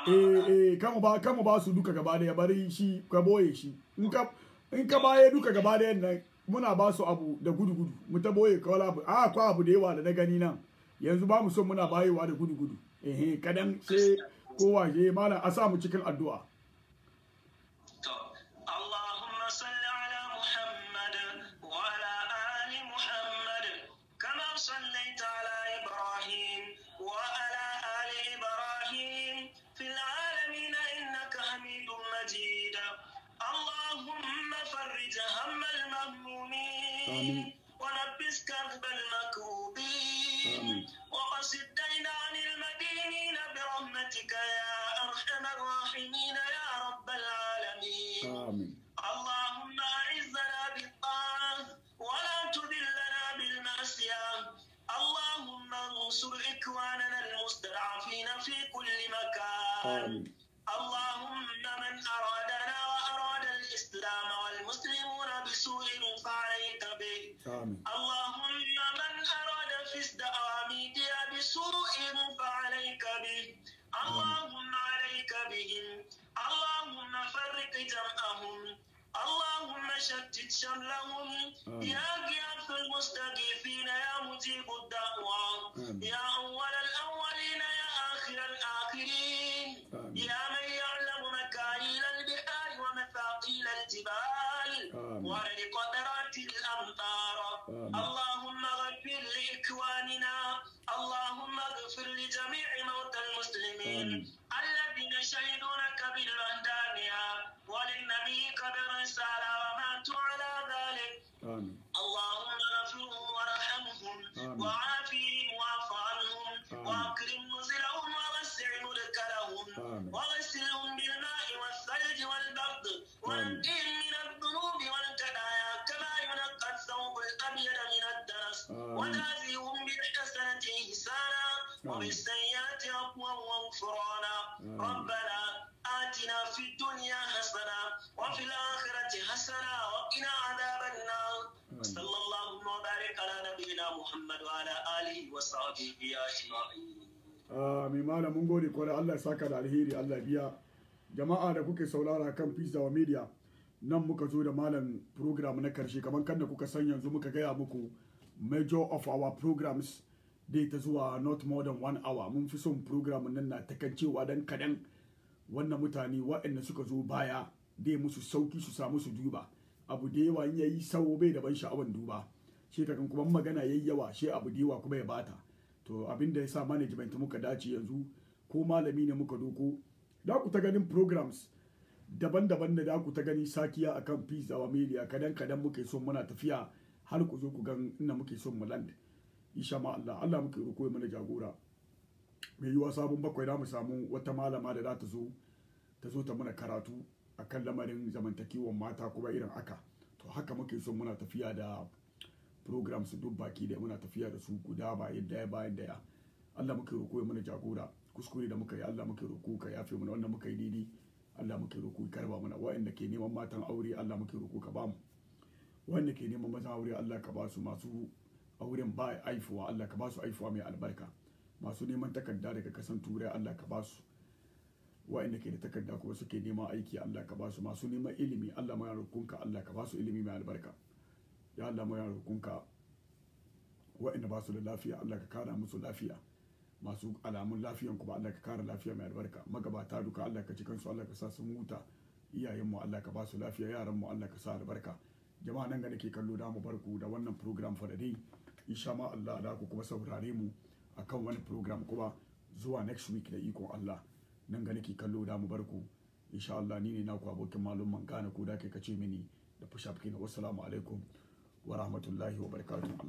eh eh kan ba kan ba su duka gaba daya bari shi ka boye shi in ka in ka baye duka gaba daya nan muna ba su abu da gudu gudu mu ta boye kawala abu a ah, kwa abu da yawa da na gani nan yanzu ba mu son muna bayewa da gudu gudu eh, eh kadan sai ko waje malam a sa mu cikin addu'a وشتت شملهم يا غياث المستغيثين يا مجيب الدعوة يا أول الأولين يا آخر الآخرين يا من يعلم مكاييل البحار ومثاقيل الجبال وقدرات الأمطار اللهم غفر لإخواننا اللهم اغفر لجميع موتى المسلمين وبالسيئات عفوا وغفرانا ربنا آتنا في الدنيا حسنة وفي الآخرة حسنة وقنا عذاب النار صلى الله وبارك على نبينا محمد وعلى آله وصحبه أجمعين Mai malam mun gode kwarai Allah ya saka da alheri Allah biya jama'a da kuke saurara kan Pizza wa Media nan muka zo da malam program na karshe kamar kan da kuka san yanzu muka gaya muku major of our programs dai ta zuwa not more than one hour mun fi son program nan na takancewa dan kadan wannan mutane waɗanda suka zo baya dai musu sauki su samu su duba abu da yawa in yayi sawo bai da ban sha'awan duba shi ta kuma magana yayi yawa shi abu da yawa kuma ya bata to abin da ya sa management muka dace yanzu ko malami ne muka doko da ku ta ganin programs daban-daban da ku ta gani sakiya akan pizza wa media kadan kadan muke son muna tafiya har ku zo ku gan ina muke son mu land insha ma Allah Allah muke roko ya mana jagora mai yiwa sabon bakwai da mu samu wata malama da za ta zo ta zo ta mana karatu akan lamarin zamantakewar mata kuma irin aka to haka muke son muna tafiya da program su duk baki da muna tafiya da su guda yadda daya bayan ya Allah muke roko ya mana jagora kuskure da muka yi Allah muke roko ka yafe mana wannan muka yi daidai Allah muke roko ka karba mana waɗanda ke neman matan aure Allah muke roko ka ba mu wanda ke neman mata aure Allah ka ba su masu wurin ba aifuwa Allah ka basu aifuwa mai albarka masu neman takarda daga kasan turai Allah ka basu wa'inda ke da takarda kuma suke neman aiki Allah ka basu masu neman ilimi Allah mai rukunka Allah ka basu ilimi mai albarka ya Allah mai rukunka wa'inda ba su da lafiya Allah ka kara musu lafiya masu alamun lafiyan kuma Allah ka kara lafiya mai albarka magabata duka Allah ka cikan su Allah ka sa su huta iyayenmu Allah ka basu lafiya yaranmu Allah ka sa albarka jama'a nan ga nake kallo da mu barku da wannan program for the day insha ma Allah da ku kuma saurare mu akan wani program kuma zuwa next week da ikon Allah nan ga nake kallo da mu barku insha Allah ni ne naku abokin malum man kana ko da kai kace mini da fushafki na assalamu alaikum wa rahmatullahi wa barakatuh